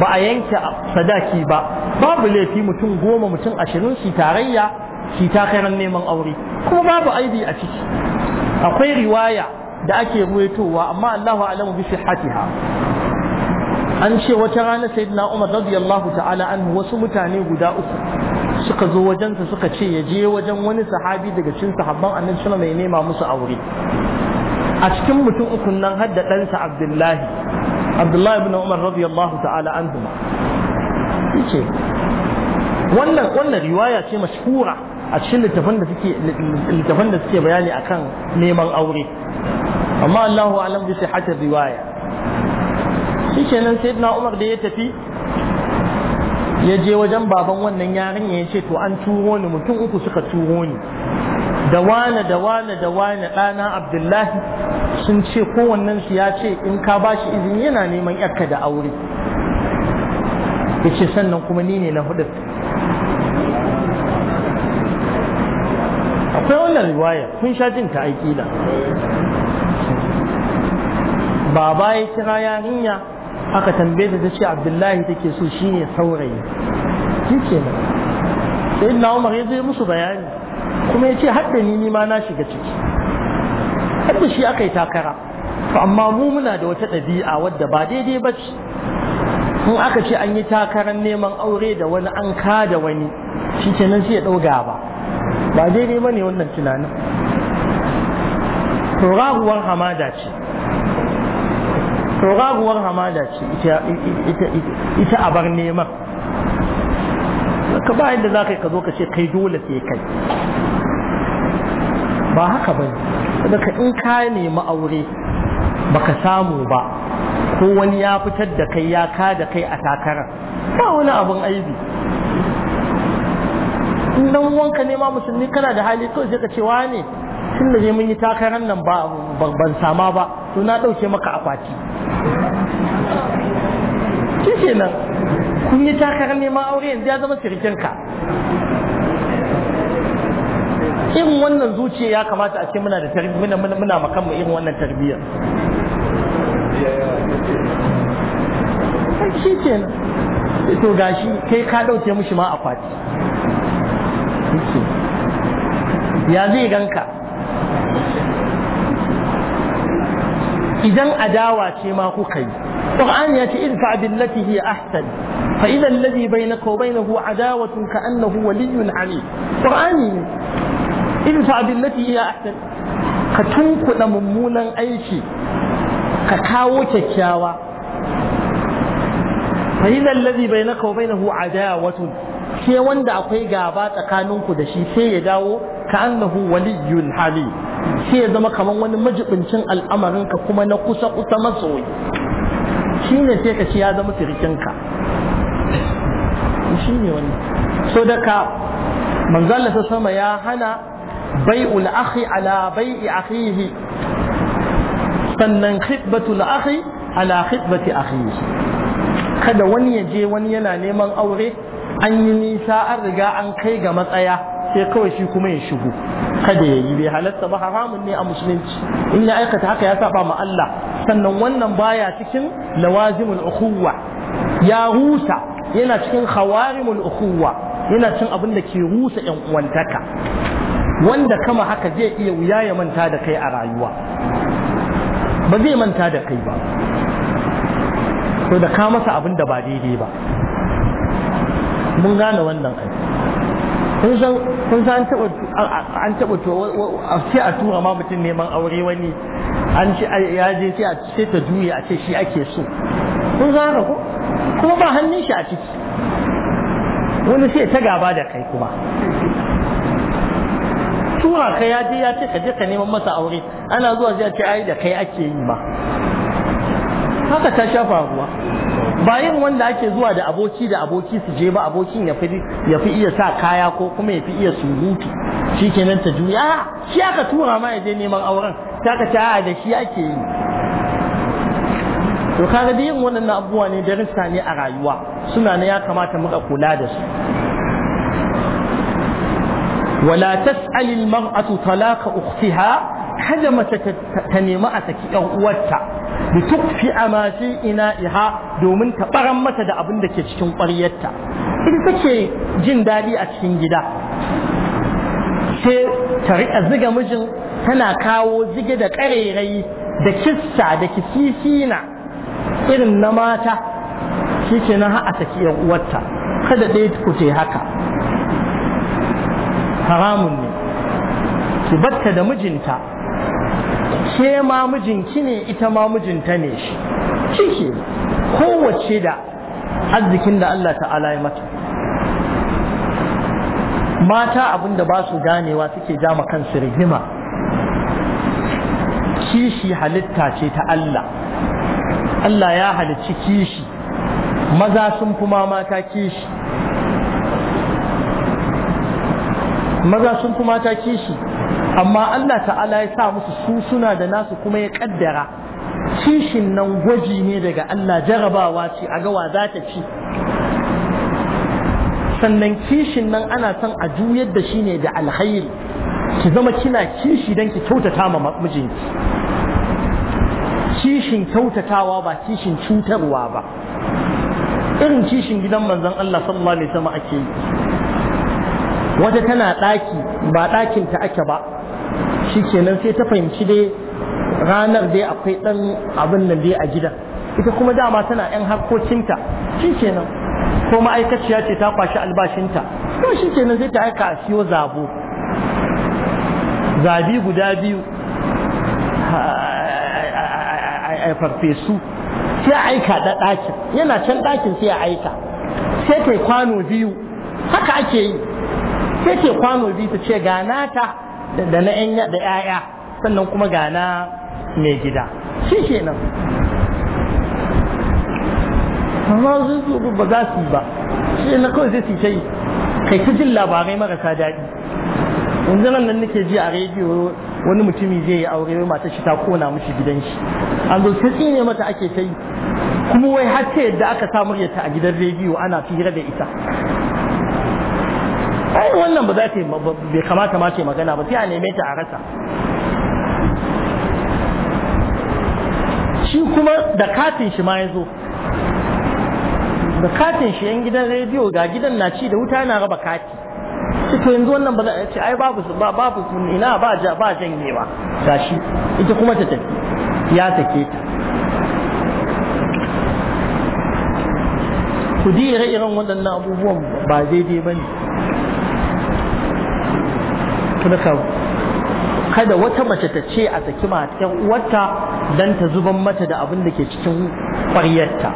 ba a yanke sadaki ba babu laifi mutum goma mutum ashirin shi tarayya shi ta kairan neman aure kuma babu aibi a ciki akwai riwaya da ake ruwaitowa amma Allahu alamu bi sihhatiha an ce wata rana sayyidina Umar radiyallahu ta'ala anhu wasu mutane guda uku suka zo wajen wajensa suka ce ya je wajen wani sahabi daga cikin sahabban annabi sallallahu mai nema musu aure a cikin mutum ukun nan har da ɗansa Abdullahi Abdullahi ibn Umar radiyallahu ta'ala anhu yace wannan wannan riwaya ce mashhura a cikin littafan da suke bayani akan neman aure amma Allahu alam bi sihhatir riwaya shikenan sayyidina Umar da ya tafi ya je wajen baban wannan yarinya ya ce to an turo ni mutum uku suka turo ni da wane da wane da wane ɗana abdullahi sun ce kowannen su ya ce in ka ba shi izini yana neman yarka da aure ya ce sannan kuma ni ne na hudu akwai wannan riwaya kun sha jin ta aiki da baba ya kira yarinya aka tambaye ta ce abdullahi take so shine saurayi shi ke nan sai na umar ya zai musu bayani kuma ya ce haɗe ni nima na shiga ciki haɗe shi aka yi takara to amma mu muna da wata ɗabi'a wadda ba daidai ba ce in aka ce an yi takarar neman aure da wani an ka da wani shi ke nan sai ya ɗauga ba. ba daidai ba ne wannan tunanin tauraruwar hamada ce tauraruwar hamada ce ita a bar neman ka ba yadda za ka yi ka zo ka ce kai dole sai kai ba haka ba ne daga in ka nemi aure baka samu ba ko wani ya fitar da kai ya ka da kai a takarar ba wani abin aibi in dan wanka ne ma musulmi kana da hali kawai sai ka ce wane tun da mun yi takarar nan ba ban sama ba to na ɗauke maka akwati shi nan kun yi takarar neman aure yanzu ya zama sirikinka in wannan zuciya ya kamata a ce muna da tarbiyya muna mu irin wannan tarbiyyar shi nan to gashi kai ka ɗauke mishi ma akwati ya zai ganka idan adawa ce ma kuka yi Qur'an ya ce idfa billati hiya ahsan fa idan alladhi bainaka wa bainahu adawatun ka annahu waliyyun alim Qur'ani ne idfa billati hiya ahsan ka tunkuɗa mummunan aiki ka kawo kyakkyawa fa idan alladhi bainaka wa bainahu adawatun sai wanda akwai gaba tsakaninku da shi sai ya dawo ka annahu waliyyun hali sai ya zama kamar wani majibincin al'amarinka kuma na kusa kusa masoyi shi ne sai ka ce ya zama sirikinka shi ne wani so daga manzalla ta sama ya hana bai'ul akhi ala bai'i akhihi sannan khidbatul akhi ala khidbati akhihi kada wani ya je wani yana neman aure an yi nisa an riga an kai ga matsaya sai kawai shi kuma ya shigo kada ya yi bai halatta ba haramun ne a musulunci in ya aikata haka ya saba ma Allah sannan wannan baya cikin lawazimul ukhuwa ya rusa yana cikin khawarimul ukhuwa yana cikin abin da ke rusa yan uwantaka wanda kama haka zai iya wuya ya manta da kai a rayuwa ba zai manta da kai ba to da ka masa abin da ba daidai ba mun gane wannan kun san kun san an taba to sai a tura ma mutum neman aure wani an ce ya je sai a ce ta juya a ce shi ake so kun san haka ko kuma ba hannun shi a ciki wani sai ta gaba da kai kuma tura ka ya je ya ce ka je ka neman masa aure ana zuwa zai ce ai da kai ake yi ma haka ta shafa ruwa ba yin wanda ake zuwa da aboki da aboki su je ba abokin ya fi iya sa kaya ko kuma ya fi iya surutu shi ta juya shi aka tura ma ya je neman auren ta ka ta da shi ake yi to kaga da yin wannan abubuwa ne darussa ne a rayuwa suna ne ya kamata muka kula da su wala tas'al al mar'atu talaqa ukhtiha kada mace ta nemi a saki ɗan uwarta bi tukfi masu ina iha domin ta baran mata da abin da ke cikin ƙwaryarta ita take jin daɗi a cikin gida sai ta riƙa ziga mijin tana kawo zige da ƙarerai da kissa da kisisina irin na mata shi ke na ha'a saki yan uwarta kada ɗaya ku ce haka haramun ne ki batta da mijinta ke ma mijinki ne ita ma mijinta ne shi shi kowace da arzikin da Allah ta'ala ya mata mata abinda ba su ganewa suke jama kansu rigima kishi halitta ce ta Allah Allah ya halicci kishi maza sun fi kishi maza sun fi mata kishi amma Allah ta'ala ya sa musu su suna da nasu kuma ya kaddara kishin nan gwaji ne daga Allah jarabawa ce a gawa za ta ci sannan kishin nan ana son a juyar da shi ne da alhairi ki zama kina kishi don ki kyautata ma mijinki kishin kyautatawa ba kishin cutarwa ba irin kishin gidan manzon Allah sallallahu alaihi wasallam ake yi wata tana ɗaki ba ɗakinta ake ba shi kenan sai ta fahimci dai ranar dai akwai ɗan abin nan dai a gida ita kuma dama tana yan harkokinta shi kenan ko ma'aikaciya ce ta kwashi albashinta to shi kenan sai ta aika a siyo zabo zabi guda biyu a farfesu sai a aika da ɗakin yana can ɗakin sai a aika sai yi kwano biyu haka ake yi sai yi kwano biyu ta ce ga nata da na yan da yaya sannan kuma gana na mai gida shi nan. amma su ba za su ba shi na kawai zai su yi kai ta jin labarai marasa daɗi yanzu nan nan nake ji a rediyo wani mutumi zai yi aure mata shi ta kona mishi gidan shi an zo ta tsine mata ake ta yi kuma wai har ta yadda aka sa muryarta a gidan rediyo ana fira da ita ai wannan ba za ta bai kamata ma ce magana ba sai a neme ta a rasa shi kuma da katin shi ma ya zo da katin shi yan gidan rediyo ga gidan na ci da wuta na raba kati shi to yanzu wannan ba za a ce ai babu ba babu ina ba ja ba janyewa gashi ita kuma ta tafi ya take ta ku dira irin waɗannan abubuwan ba daidai ba ne kada wata mace ta ce a saki matan uwarta dan ta zuban mata da abin da ke cikin ƙwaryarta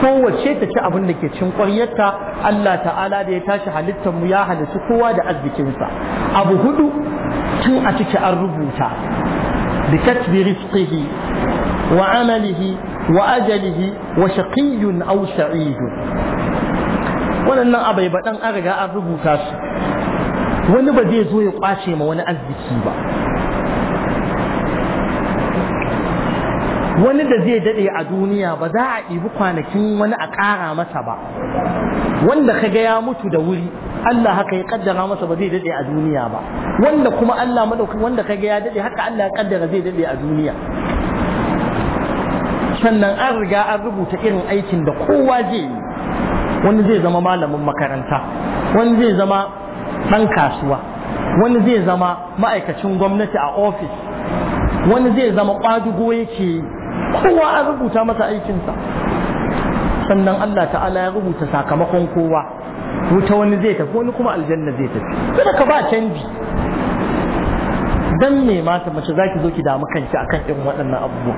kowace ta ci abin da ke cikin ƙwaryarta Allah ta'ala da ya tashi halittar mu ya halitta kowa da arzikinsa abu hudu tun a ciki an rubuta bi katbi rizqihi wa amalihi wa ajalihi wa shaqiyyun aw sa'id wannan abai dan an riga an rubuta su wani ba zai zo ya kwace ma wani arziki ba wani da zai daɗe a duniya ba za a ɗibi kwanakin wani a ƙara masa ba wanda ka ga ya mutu da wuri Allah haka ya kaddara masa ba zai daɗe a duniya ba wanda kuma Allah madaukakin wanda ka ga ya daɗe haka Allah ya kaddara zai daɗe a duniya sannan an riga an rubuta irin aikin da kowa zai yi wani zai zama malamin makaranta wani zai zama ɗan kasuwa wani zai zama ma'aikacin gwamnati a ofis wani zai zama ƙwadugo yake kowa an rubuta masa aikinsa sannan Allah ta'ala ya rubuta sakamakon kowa wuta wani zai tafi wani kuma aljanna zai tafi kada ka ba canji dan me mata mace zaki zo ki damu kanki akan irin waɗannan abubuwa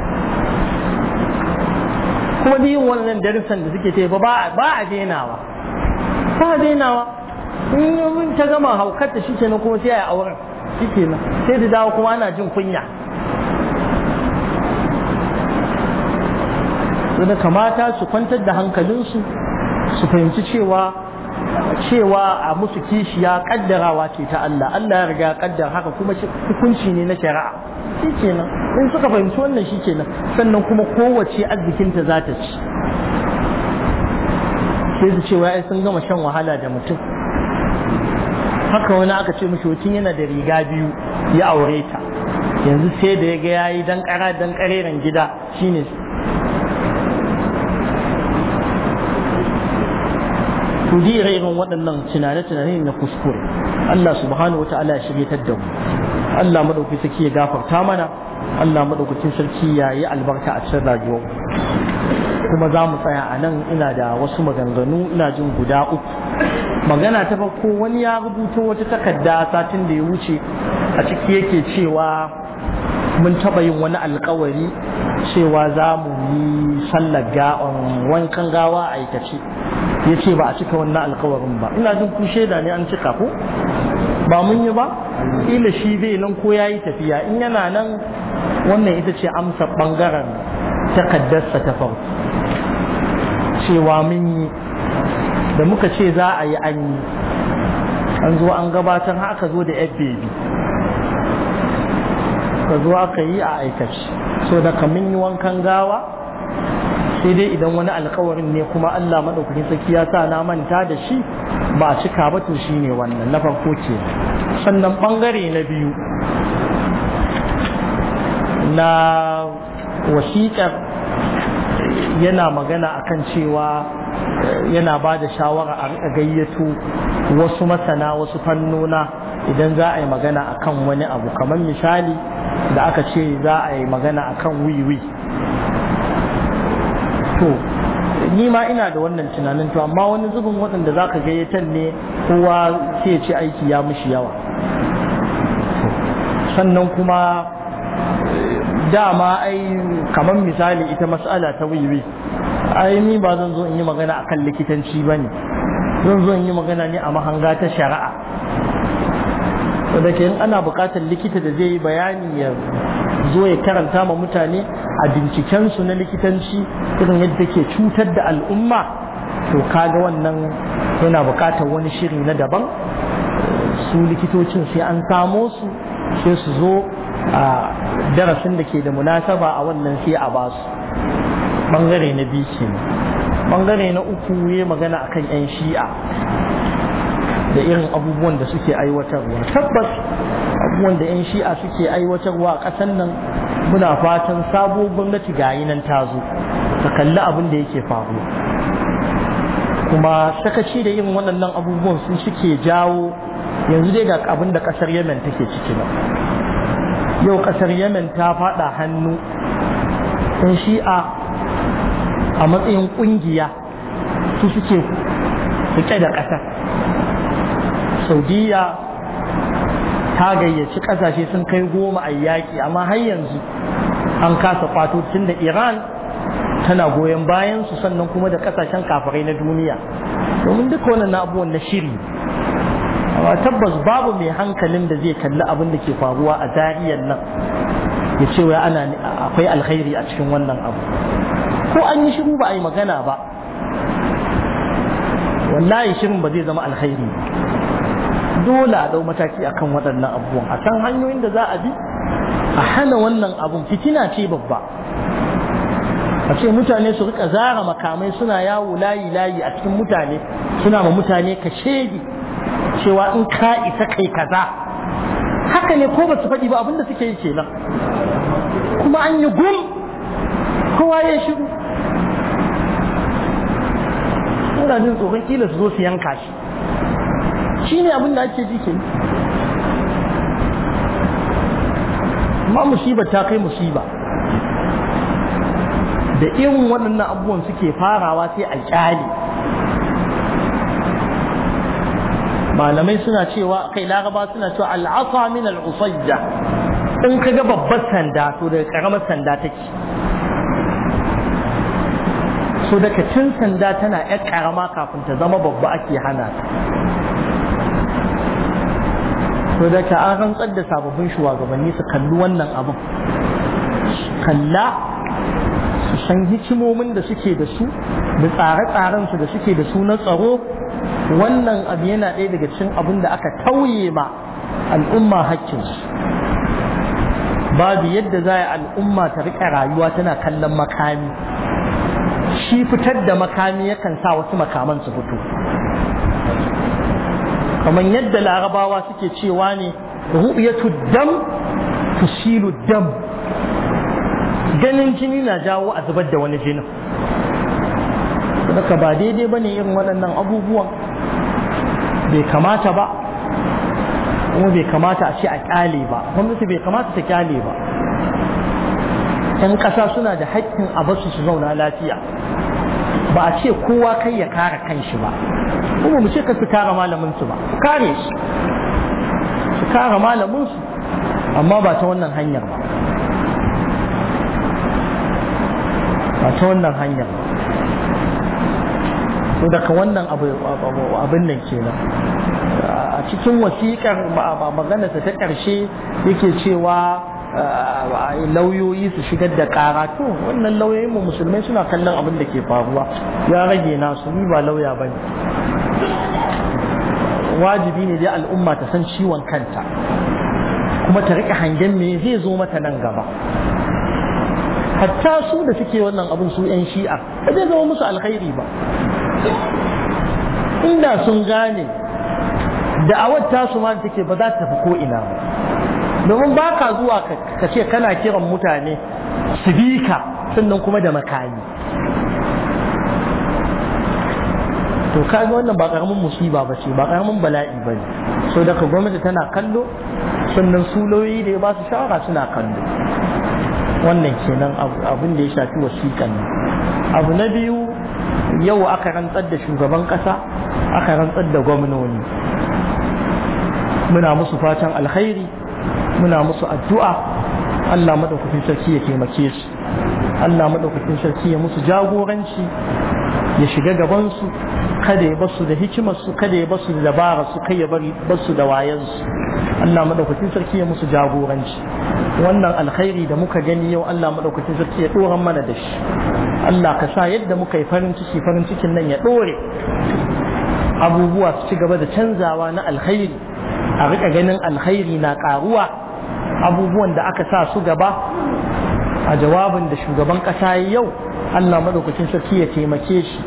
kuma yin wannan darussan da suke taifa ba a denawa ba a denawa in ta gama haukar ta shike na kuma sai a auren shike nan sai ta dawo kuma ana jin kunya da kamata su kwantar da hankalinsu su fahimci cewa cewa a musu kishiya kaddarawa ce ta Allah Allah ya riga kaddara haka kuma hukunci ne na shari'a nan in suka fahimci wannan nan sannan kuma kowace arzikinta za ta ci sai su cewa ai sun gama shan wahala da mutum haka wani aka ce mishi mutum yana da riga biyu ya aure ta yanzu sai da ya ga yayi dan kara dan kareren gida shine ku ji irin waɗannan tunane-tunane na kuskure Allah subhanahu wata'ala ya shirya da mu Allah madauki sarki ya gafarta mana Allah madaukakin sarki ya yi albarka a cikin rayuwar kuma za mu tsaya a nan ina da wasu maganganu ina jin guda uku magana ta farko wani ya rubuto wata takarda satin da ya wuce a ciki yake cewa mun taba yin wani alkawari cewa za mu yi sallar ga'on wankan gawa aikace ya ce ba a cika wannan alkawarin ba ina jin ku shaida ne an cika ko ba mun yi ba ila shi zai nan ko ya yi tafiya in yana nan wannan ita ce amsa bangaren takaddarsa ta farko cewa mun yi da muka ce za a yi an yi an zo an gabatar haka zo da fbb ka zo aka yi a aikaci so da kamin yi wankan gawa sai dai idan wani alkawarin ne kuma allah maɗaukakin tsaki ya sa na manta da shi ba a cika ba to shi ne wannan na farko ce sannan ɓangare na biyu na wasiƙar yana magana a kan cewa eh, yana ba da shawara a gayyato wasu masana wasu fannona idan za a yi magana kan wani abu kamar misali da aka ce za a yi magana kan wiwi to ni ma ina da wannan tunanin to amma wani zubin waɗanda za ka gayyatar ne kowa ke ce aiki ya mushi yawa sannan kuma dama ai kamar misali ita mas'ala ta wiwi ai ni ba zan zo in yi magana akan likitanci ba ne zan zo in yi magana ne a mahanga ta shari'a da ke ana buƙatar likita da zai yi bayani ya zo ya karanta ma mutane a bincikensu na likitanci irin yadda ke cutar da al'umma to kaga wannan yana buƙatar wani shiri na daban su likitocin sai an samo su sai su zo a darasin da ke da munasaba a wannan sai a basu bangare na biyu ke bangare na uku ya magana akan 'yan shi'a da irin abubuwan da suke aiwatarwa tabbas abubuwan da 'yan shi'a suke aiwatarwa a ƙasan nan muna fatan sabo gwamnati gayi nan ta zo ta kalli abin da yake faru. kuma sakaci da yin waɗannan abubuwan sun suke jawo yanzu dai ga abin da ƙasar yemen take ciki nan yau kasar yemen ta fada hannu in shi'a a matsayin ƙungiya su suke rike da kasar saudiya ta gayyaci ƙasashe sun kai goma a yaƙi amma har yanzu an kasa kwato tun da iran tana goyon bayan su sannan kuma da ƙasashen kafarai na duniya domin duka wannan abubuwan na shiri amma tabbas babu mai hankalin da zai kalli abin da ke faruwa a dariyar nan ya ce wai ana akwai alkhairi a cikin wannan abu ko an yi shiru ba a yi magana ba wallahi shirin ba zai zama alkhairi dole a dau mataki akan waɗannan abubuwan a kan hanyoyin da za a bi a hana wannan abun fitina ce babba a ce mutane su rika zara makamai suna yawo layi layi a cikin mutane suna ma mutane kashegi. cewa in ka isa kai kaza haka ne ko ba su faɗi ba abinda suke yi kenan kuma an yi gum kowa ya shigo, suna jin tsoron kila su zo su yanka shi shi ne abin da ake ji ke ma musiba ta kai musiba da irin waɗannan abubuwan suke farawa sai a kyale malamai suna cewa kai laraba suna cewa al'asa min al'usayya in ka ga babbar sanda to daga karamar sanda take so daga cin sanda tana yar karama kafin ta zama babba ake hana ta so daga an rantsar da sababbin shugabanni su kalli wannan abin kalla su san hikimomin da suke da su da tsare-tsaren su da suke da su na tsaro wannan abu yana ɗaya daga cikin abin da aka tauye ma al'umma haƙƙinsu babu yadda za a yi al'umma ta riƙe rayuwa tana kallon makami shi fitar da makami yakan sa wasu makaman su fito kamar yadda larabawa suke cewa ne ru'yatu dam tusilu dam ganin jini na jawo a zubar da wani jinin haka ba daidai ba ne irin waɗannan abubuwan bai kamata ba kuma bai kamata a ce a kyale ba gwamnati bai kamata ta kyale ba yan ƙasa suna da haƙƙin a basu su zauna lafiya ba a ce kowa kai ya kan kanshi ba kuma mu ce ka su kara malamin su ba su kare su su kara malamin su amma ba ta wannan hanyar ba ba ta wannan hanyar ba so daga wannan abin nan kenan a cikin wasiƙar maganarsa ta ƙarshe yake cewa lauyoyi su shigar da ƙara to wannan lauyoyin mu musulmai suna kallon abin da ke faruwa ya rage nasu ni ba lauya ba ne wajibi ne dai al'umma ta san ciwon kanta kuma ta riƙe hangen me zai zo mata nan gaba hatta su da suke wannan abin su 'yan shi'a ba zai zama musu alkhairi ba inda sun gane da'awar tasu ma take ba za ta tafi ko ina ba domin ba ka zuwa ka ce kana kiran mutane su bi ka sannan kuma da makayi. to ga wannan ba karamin musiba ba ce ba karamin bala'i ba ne so daga gwamnati tana kallo sannan suloyi da ya ba su shawara suna kallo wannan kenan abin da ya shafi wasiƙan abu na biyu yau aka rantsar da shugaban ƙasa aka rantsar da gwamnoni muna musu fatan alkhairi muna musu addu'a Allah maɗaukakin sarki ya taimake su Allah maɗaukakin sarki ya musu jagoranci ya shiga gabansu kada ya basu da hikimarsu kada ya basu da dabara su kai ya basu da wayansu Allah maɗaukakin sarki ya musu jagoranci wannan alkhairi da muka gani yau Allah madaukakin sarki ya doran mana da shi Allah ka sa yadda muka yi farin ciki farin cikin nan ya dore abubuwa su ci gaba da canzawa na alkhairi a rika ganin alkhairi na karuwa abubuwan da aka sa su gaba a jawabin da shugaban kasa yau Allah madaukakin sarki ya taimake shi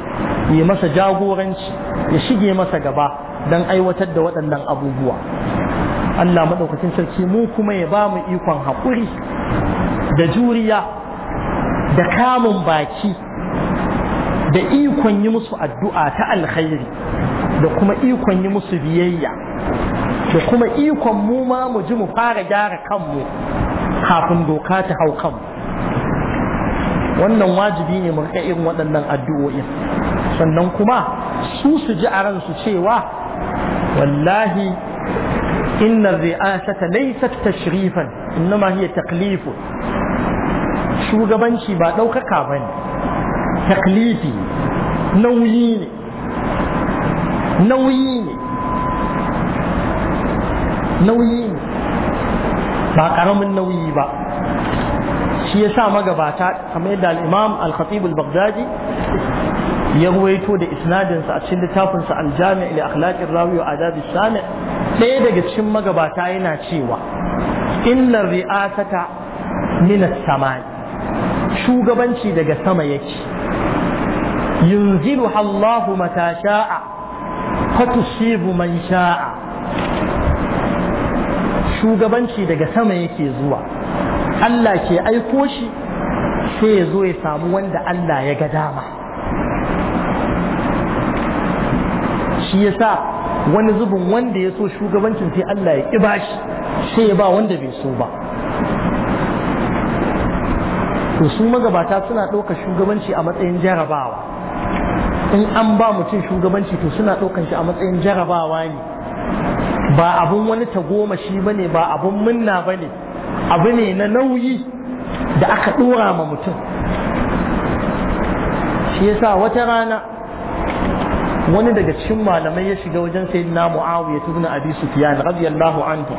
ya masa jagoranci ya shige masa gaba don aiwatar da waɗannan abubuwa Allah maɗaukacin sarki mu kuma ya ba mu ikon haƙuri da juriya da kamun baki da ikon yi musu addu'a ta alkhairi da kuma ikon yi musu biyayya da kuma ikon mu ma mu ji mu fara gyara kanmu kafin doka ta hau kanmu wannan wajibi ne mu irin waɗannan addu'o'in sannan kuma su su ji a ransu cewa wallahi إن الرئاسة ليست تشريفا إنما هي تقليف شو قبان شبا لو كقابان تقليفي نويني نويني نويني ما قرم النوي با شيء سامع قباتات كما يدى الإمام الخطيب البغدادي يغويتو لإسنادنس أتشل تافنس الجامع لأخلاق الراوي وعذاب السامع ɗaya daga cikin magabata yana cewa inna ri'asata min samai shugabanci daga sama yake yunzilu Allahu mata sha'a fatusibu man sha'a shugabanci daga sama yake zuwa Allah ke aiko shi sai ya zo ya samu wanda Allah ya ga dama shi yasa wani zubin wanda ya so shugabancin sai Allah ya ƙiba shi sai ya ba wanda bai so ba to su magabata suna ɗaukar shugabanci a matsayin jarabawa in an ba mutum shugabanci to suna ɗaukar shi a matsayin jarabawa ne ba abun wani tagomashi ba ne ba abun minna bane ne abu ne na nauyi da aka ɗora ma mutum shi yasa wata rana wani daga cikin malamai ya shiga wajen sayyidina muawiya ibn abi sufyan radiyallahu anhu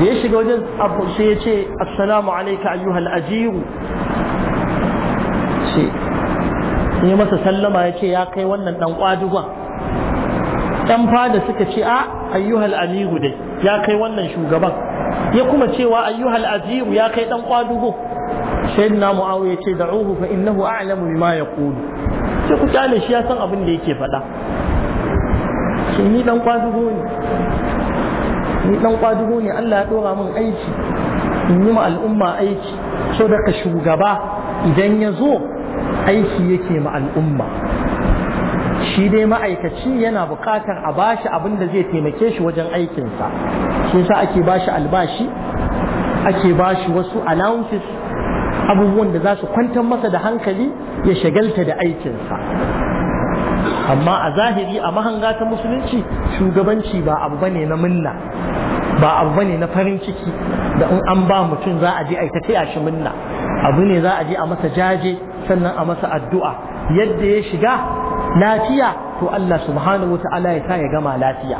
da ya shiga wajen abu sai ya ce assalamu alayka ayyuhal ajiru ce sai masa sallama ya ce ya kai wannan dan kwadugon dan fada suka ce a ayyuhal amiru dai ya kai wannan shugaban ya kuma cewa ayyuhal Aziru ya kai dan kwadugo sayyidina muawiya ce da'uhu fa innahu a'lamu bima yaqulu sai ku kyale shi ya san abin da yake faɗa shi ni dan kwadugo ne ni dan kwadugo ne Allah ya dora min aiki in yi ma al'umma aiki so daga shugaba idan ya zo aiki yake ma al'umma shi dai ma'aikaci yana bukatar a bashi abin da zai taimake shi wajen aikinsa shi sa ake bashi albashi ake bashi wasu allowances abubuwan da za su kwantar masa da hankali ya shagalta da aikinsa amma a zahiri a mahanga ta musulunci shugabanci ba abu bane na minna ba abu bane na farin ciki da in an ba mutum za a je a ta taya shi minna abu ne za a je a masa jaje sannan a masa addu'a yadda ya shiga lafiya to Allah subhanahu wata'ala ya sa ya gama lafiya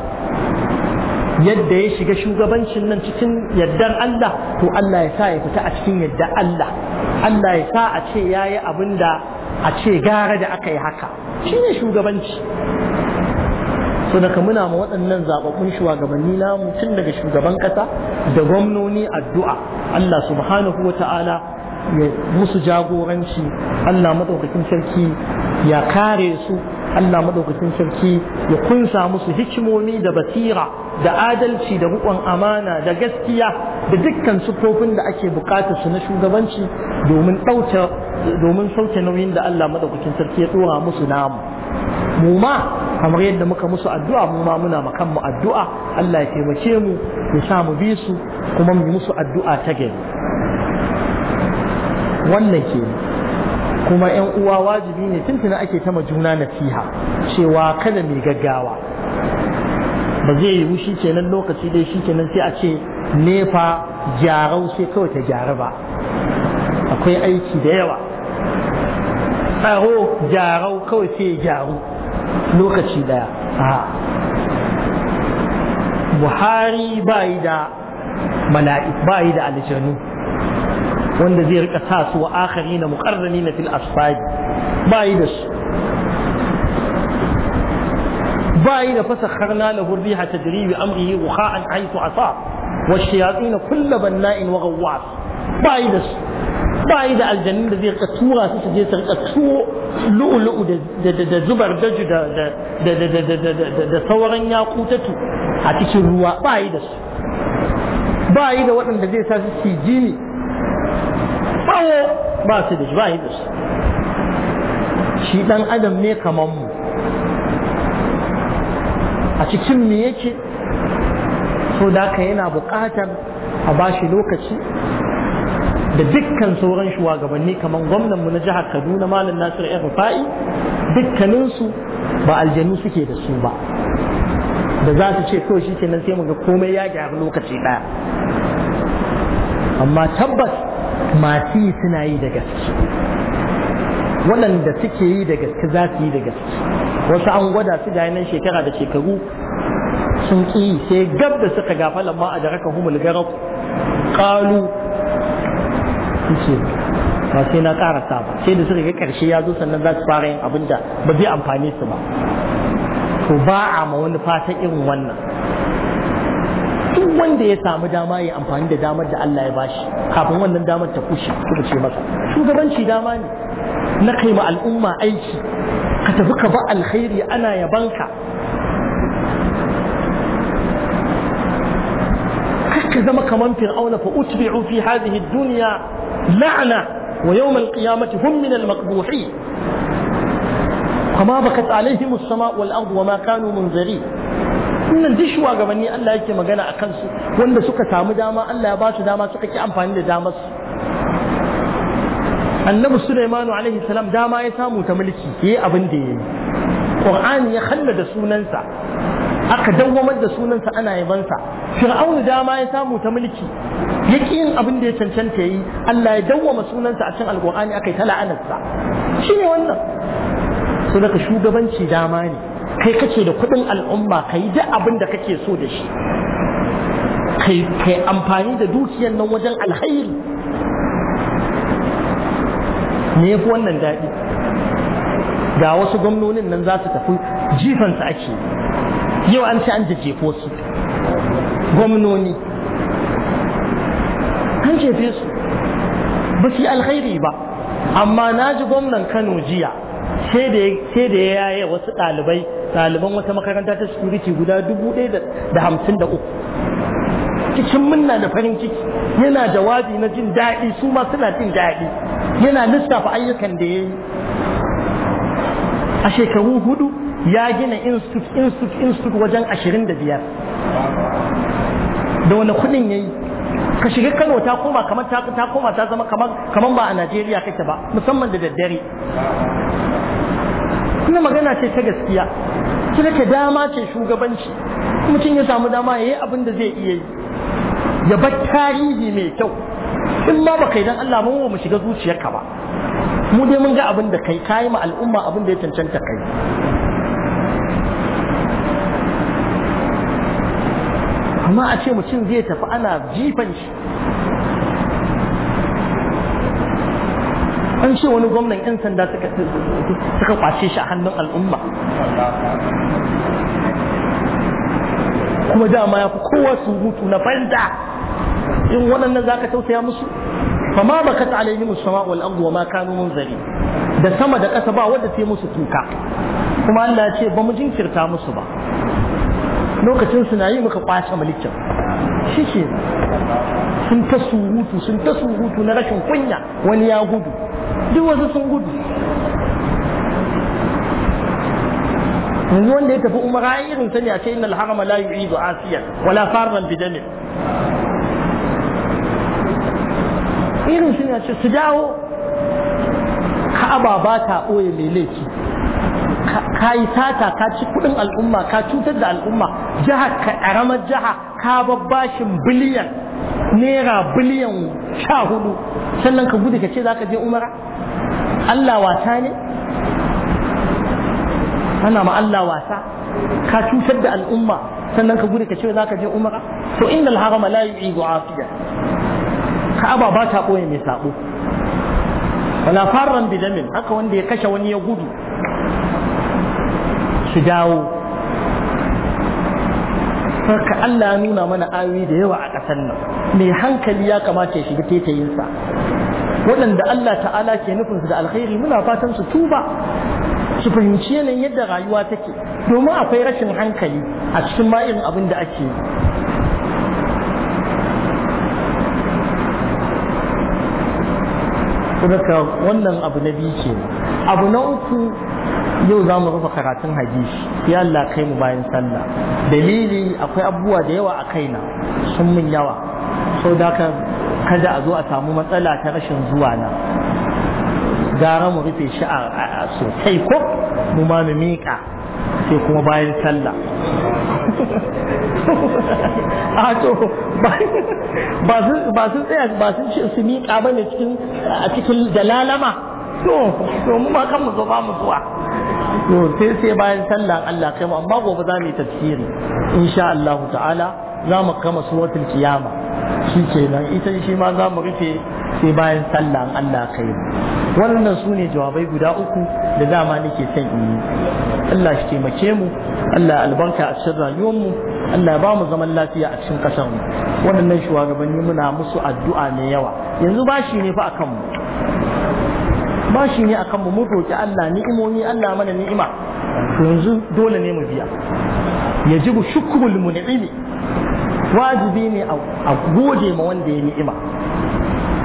yadda ya shiga shugabancin nan cikin yardar Allah to Allah ya sa ya fita a cikin yardar Allah Allah ya sa a ce ya yi abin da a ce gara da aka yi haka shi ne shugabanci so daga muna ma waɗannan zaɓaɓɓun shugabanni namu tun daga shugaban ƙasa da gwamnoni addu'a Allah subhanahu wa ta'ala ya musu jagoranci Allah maɗaukakin sarki ya kare su Allah maɗaukacin sarki ya kunsa musu hikimomi da basira da adalci da riƙon amana da gaskiya da dukkan sufofin da ake bukata su na shugabanci domin ɗauke domin sauke nauyin da Allah madaukakin sarki ya tsora musu namu mu ma kamar yadda muka musu addu'a mu ma muna makan mu addu'a Allah ya taimake mu ya sa mu bi su kuma mu musu addu'a ta gari wannan kenan kuma yan uwa wajibi ne tuntuna ake ta ma juna nasiha cewa kada mai gaggawa ba zai yiwu shi kenan lokaci dai shi kenan sai a ce nefa gyarau sai kawai ta gyara ba akwai aiki da yawa tsaro gyarau kawai sai ya gyaru lokaci daya a buhari bayi da mala'i bayi da aljanu wanda zai rika sa su wa akhari na muqarrani na fil asfaji ba yi da su ba yi da fasakharna lahu riha tajri bi amrihi ruha'an haythu asa wa shayatin kullu banna'in wa ghawwas ba yi da su ba yi da aljannin da zai rika tura su su je su rika tuwo lu'ulu'u da zubar daju da sauran yakutatu a cikin ruwa ba yi da su ba yi da waɗanda zai sa su jini bawo ba su da shi ba da shi shi ɗan adam ne kamar mu a cikin me yake so da ka yana buƙatar a ba shi lokaci da dukkan sauran shugabanni kamar gwamnan mu na jihar Kaduna Malam Nasir El Fa'i dukkanin su ba aljanu suke da su ba da za su ce to shi kenan sai mu ga komai ya gyaru lokaci ɗaya amma tabbas masu suna yi da gaske waɗanda suke yi da gaske za su yi da gaske wasu an gwada su ga nan shekara da shekaru sun ƙi sai gab da suka gafa lamma a da raka humul garab ƙalu ce ba sai na ƙara ba sai da suka ga ƙarshe ya zo sannan za su fara yin abin da ba zai amfani su ba to ba a ma wani fata irin wannan wanda ya samu dama ya amfani da damar da Allah ya bashi kafin wannan damar ta kushe kuma ce masa shugabanci dama ne na kai ma al'umma aiki ka tafi ka ba alkhairi ana yabanka ka zama kaman fir'auna fa utbi'u fi hadhihi ad-dunya la'na wa yawm al-qiyamati hum min al-maqbuhin kama bakat alaihim as-sama' wal-ard wa ma kanu munzirin sunan duk shugabanni Allah yake magana a kansu wanda suka samu dama Allah ya ba su dama suka ki amfani da damar su annabi Sulaimanu alaihi salam dama ya samu ta mulki yayi abin da yayi Qur'ani ya khallada sunansa aka dawwamar da sunansa ana bansa. fir'aunu dama ya samu ta mulki ya yin abin da ya cancanta yi Allah ya dawwama sunansa a cikin alqur'ani akai ta la'anarsa shine wannan so daga shugabanci dama ne kai kace da kuɗin al'umma ka yi duk abin da kake so da shi kai amfani da dukiyar nan wajen alkhairi me fi wannan daɗi ga wasu gwamnonin nan za su tafi jifansu ake yau an ce an jajjefo su gwamnoni an jefe su ba su yi alkhairi ba amma na ji gwamnan kano jiya sai da ya yaya wasu ɗalibai ɗaliban wata makaranta ta security guda dubu ɗaya da hamsin da uku cikin munna da farin ciki yana jawabi na jin daɗi su ma suna jin daɗi yana lissafa ayyukan da ya yi a shekaru hudu ya gina institute institute institute wajen ashirin da biyar da wani kuɗin ya yi ka shiga kano ta koma kamar ta ta zama kamar ba a najeriya kake ba musamman da daddare kuma magana ce ta gaskiya kina ka dama ce shugabanci mutum ya samu dama ya yi abin da zai iya yi ya bar tarihi mai kyau in ma baka yi dan Allah ba mu shiga zuciyarka ba mu dai mun ga abin da kai kai ma al'umma abin da ya cancanta kai amma a ce mutum zai tafi ana jifan shi an ce wani gwamnan 'yan sanda suka kwace shi a hannun al'umma kuma dama ya fi kowa surutu na banza in waɗannan za ka tausaya musu fama ba ka ta'ala yi musu sama wal wa ma kanu munzari da sama da ƙasa ba wanda ta musu tuka kuma Allah ya ce ba mu jinkirta musu ba lokacin na yi muka kwace mulkin shi ke sun ta surutu sun ta surutu na rashin kunya wani ya gudu duk wasu sun gudu yanzu wanda ya tafi umara ai irin sani a ce innal harama la yu'idu asiyan wala farran bidamin irin shi ne ce su dawo ka'aba ba ta ɓoye mai laifi ka yi sata ka ci kuɗin al'umma ka cutar da al'umma jihar ka ƙaramar jiha ka babbashin biliyan naira biliyan sha hudu sannan ka gudu ka ce za ka je umara Allah wasa ne ana ma Allah wasa ka cutar da al'umma sannan ka gudu ka ce za ka je umara to innal harama la yu'idu afiya ka'aba ba ta koye mai sabo wala farran bidamin haka wanda ya kashe wani ya gudu su dawo Karka Allah ya nuna mana ayoyi da yawa a ƙasar nan mai hankali ya kamata ya shiga tetayinsa waɗanda Allah ta'ala ke nufinsu da alkhairi muna fatan su tuba su fahimci yanayin yadda rayuwa take domin akwai rashin hankali a cikin ma irin abin da ake yi wannan abu na biyu ke abu na uku yau za mu rufe karatun Hadishi, ya Allah kai mu bayan sallah dalili akwai abubuwa da yawa a kaina sun mun yawa sau da ka kada a zo a samu matsala ta rashin zuwa na gara mu rufe shi a sosai ko mu ma mu miƙa sai kuma bayan sallah a to ba sun tsaya ba sun ce su miƙa ba ne cikin a cikin dalalama to to mu ma kan mu zo ba mu zuwa to sai sai bayan sallah Allah kai mu amma gobe za mu yi tafsiri insha Allah ta'ala za mu kama suratul qiyama shikenan ita shi ma za mu rufe sai bayan sallah Allah kai mu wannan su ne jawabai guda uku da dama nake son in yi Allah shi taimake mu Allah albarka a cikin rayuwar mu Allah ba mu zaman lafiya a cikin ƙasar mu waɗannan shugabanni muna musu addu'a mai yawa yanzu bashi ne fa akan mu bashi ne akan mu mu roki Allah ni'imomi Allah mana ni'ima yanzu dole ne mu biya ya bu shukrul mun'imi wajibi ne a gode ma wanda ya ni'ima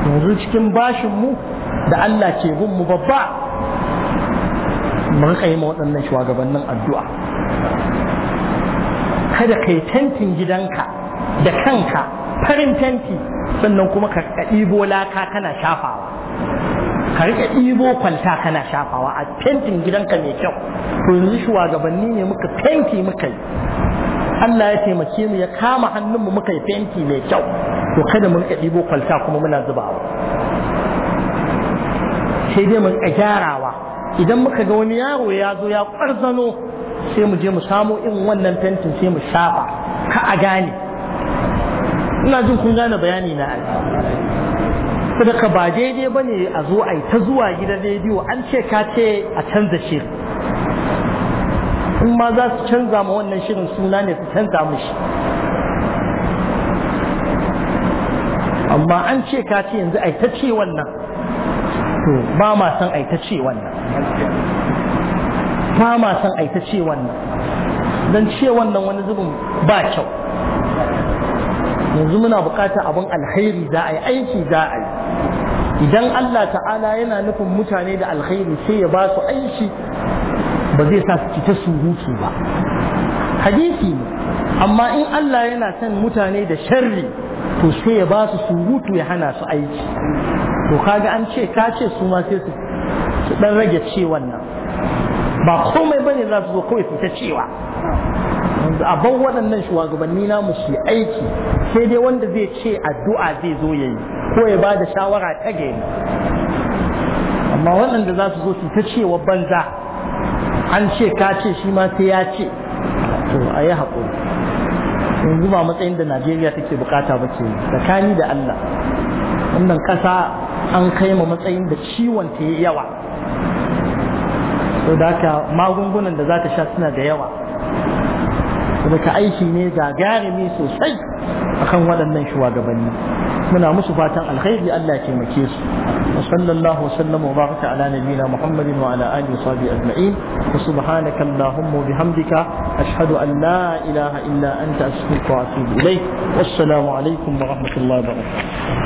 yanzu cikin bashin mu da Allah ke bin mu babba mu kai yi ma waɗannan shugabannin addu'a kada kai tantin gidanka da kanka farin tanti sannan kuma ka ɗibo laka kana shafawa ka riƙe ɗibo kwalta kana shafawa a fentin gidanka mai kyau to yanzu shugabanni ne muka fenti muka yi Allah ya taimake mu ya kama hannunmu muka yi fenti mai kyau to kada mu rika ɗibo kwalta kuma muna zubawa sai dai mu rika gyarawa idan muka ga wani yaro ya zo ya ƙwarzano sai mu je mu samo in wannan fentin sai mu shafa ka a gane ina jin kun gane bayani na sadaka ba daidai ba ne a zo a yi ta zuwa gidan rediyo an ce ka ce a canza shirin in ma za su canza ma wannan shirin suna ne su canza mashi. amma an ce ka ce yanzu ai ta ce wannan to ba ma san ai ta ce wannan ba ma san ai ta ce wannan don ce wannan wani zubin ba kyau yanzu muna bukata abin alheri za a yi aiki za a yi idan Allah ta'ala yana nufin mutane da alkhairi sai ya ba su aiki ba zai sa su ci ta surutu ba hadisi ne amma in Allah yana son mutane da sharri to sai ya ba su surutu ya hana su aiki to kaga an ce ka ce su ma sai su dan rage ce wannan ba komai bane za su zo kawai su ta cewa a waɗannan shugabanni na mu su aiki sai dai wanda zai ce addu'a zai zo yayi ko ya ba da shawara ta gari amma waɗanda za su zo su ta cewa banza an ce ka ce shi ma sai ya ce to a yi haƙuri yanzu ba matsayin da najeriya take bukata ba ce tsakani da allah wannan ƙasa an kai ma matsayin da ciwon ta yi yawa to da haka magungunan da za ta sha suna da yawa saboda aiki ne gagarumi sosai akan waɗannan shugabanni muna musu fatan alkhairi Allah ya taimake su wa sallallahu sallama wa baraka ala nabiyina muhammadin wa ala alihi wa sahbihi ajma'in wa subhanaka allahumma wa bihamdika ashhadu an la ilaha illa anta astaghfiruka wa atubu ilayk alaikum wa rahmatullahi wa barakatuh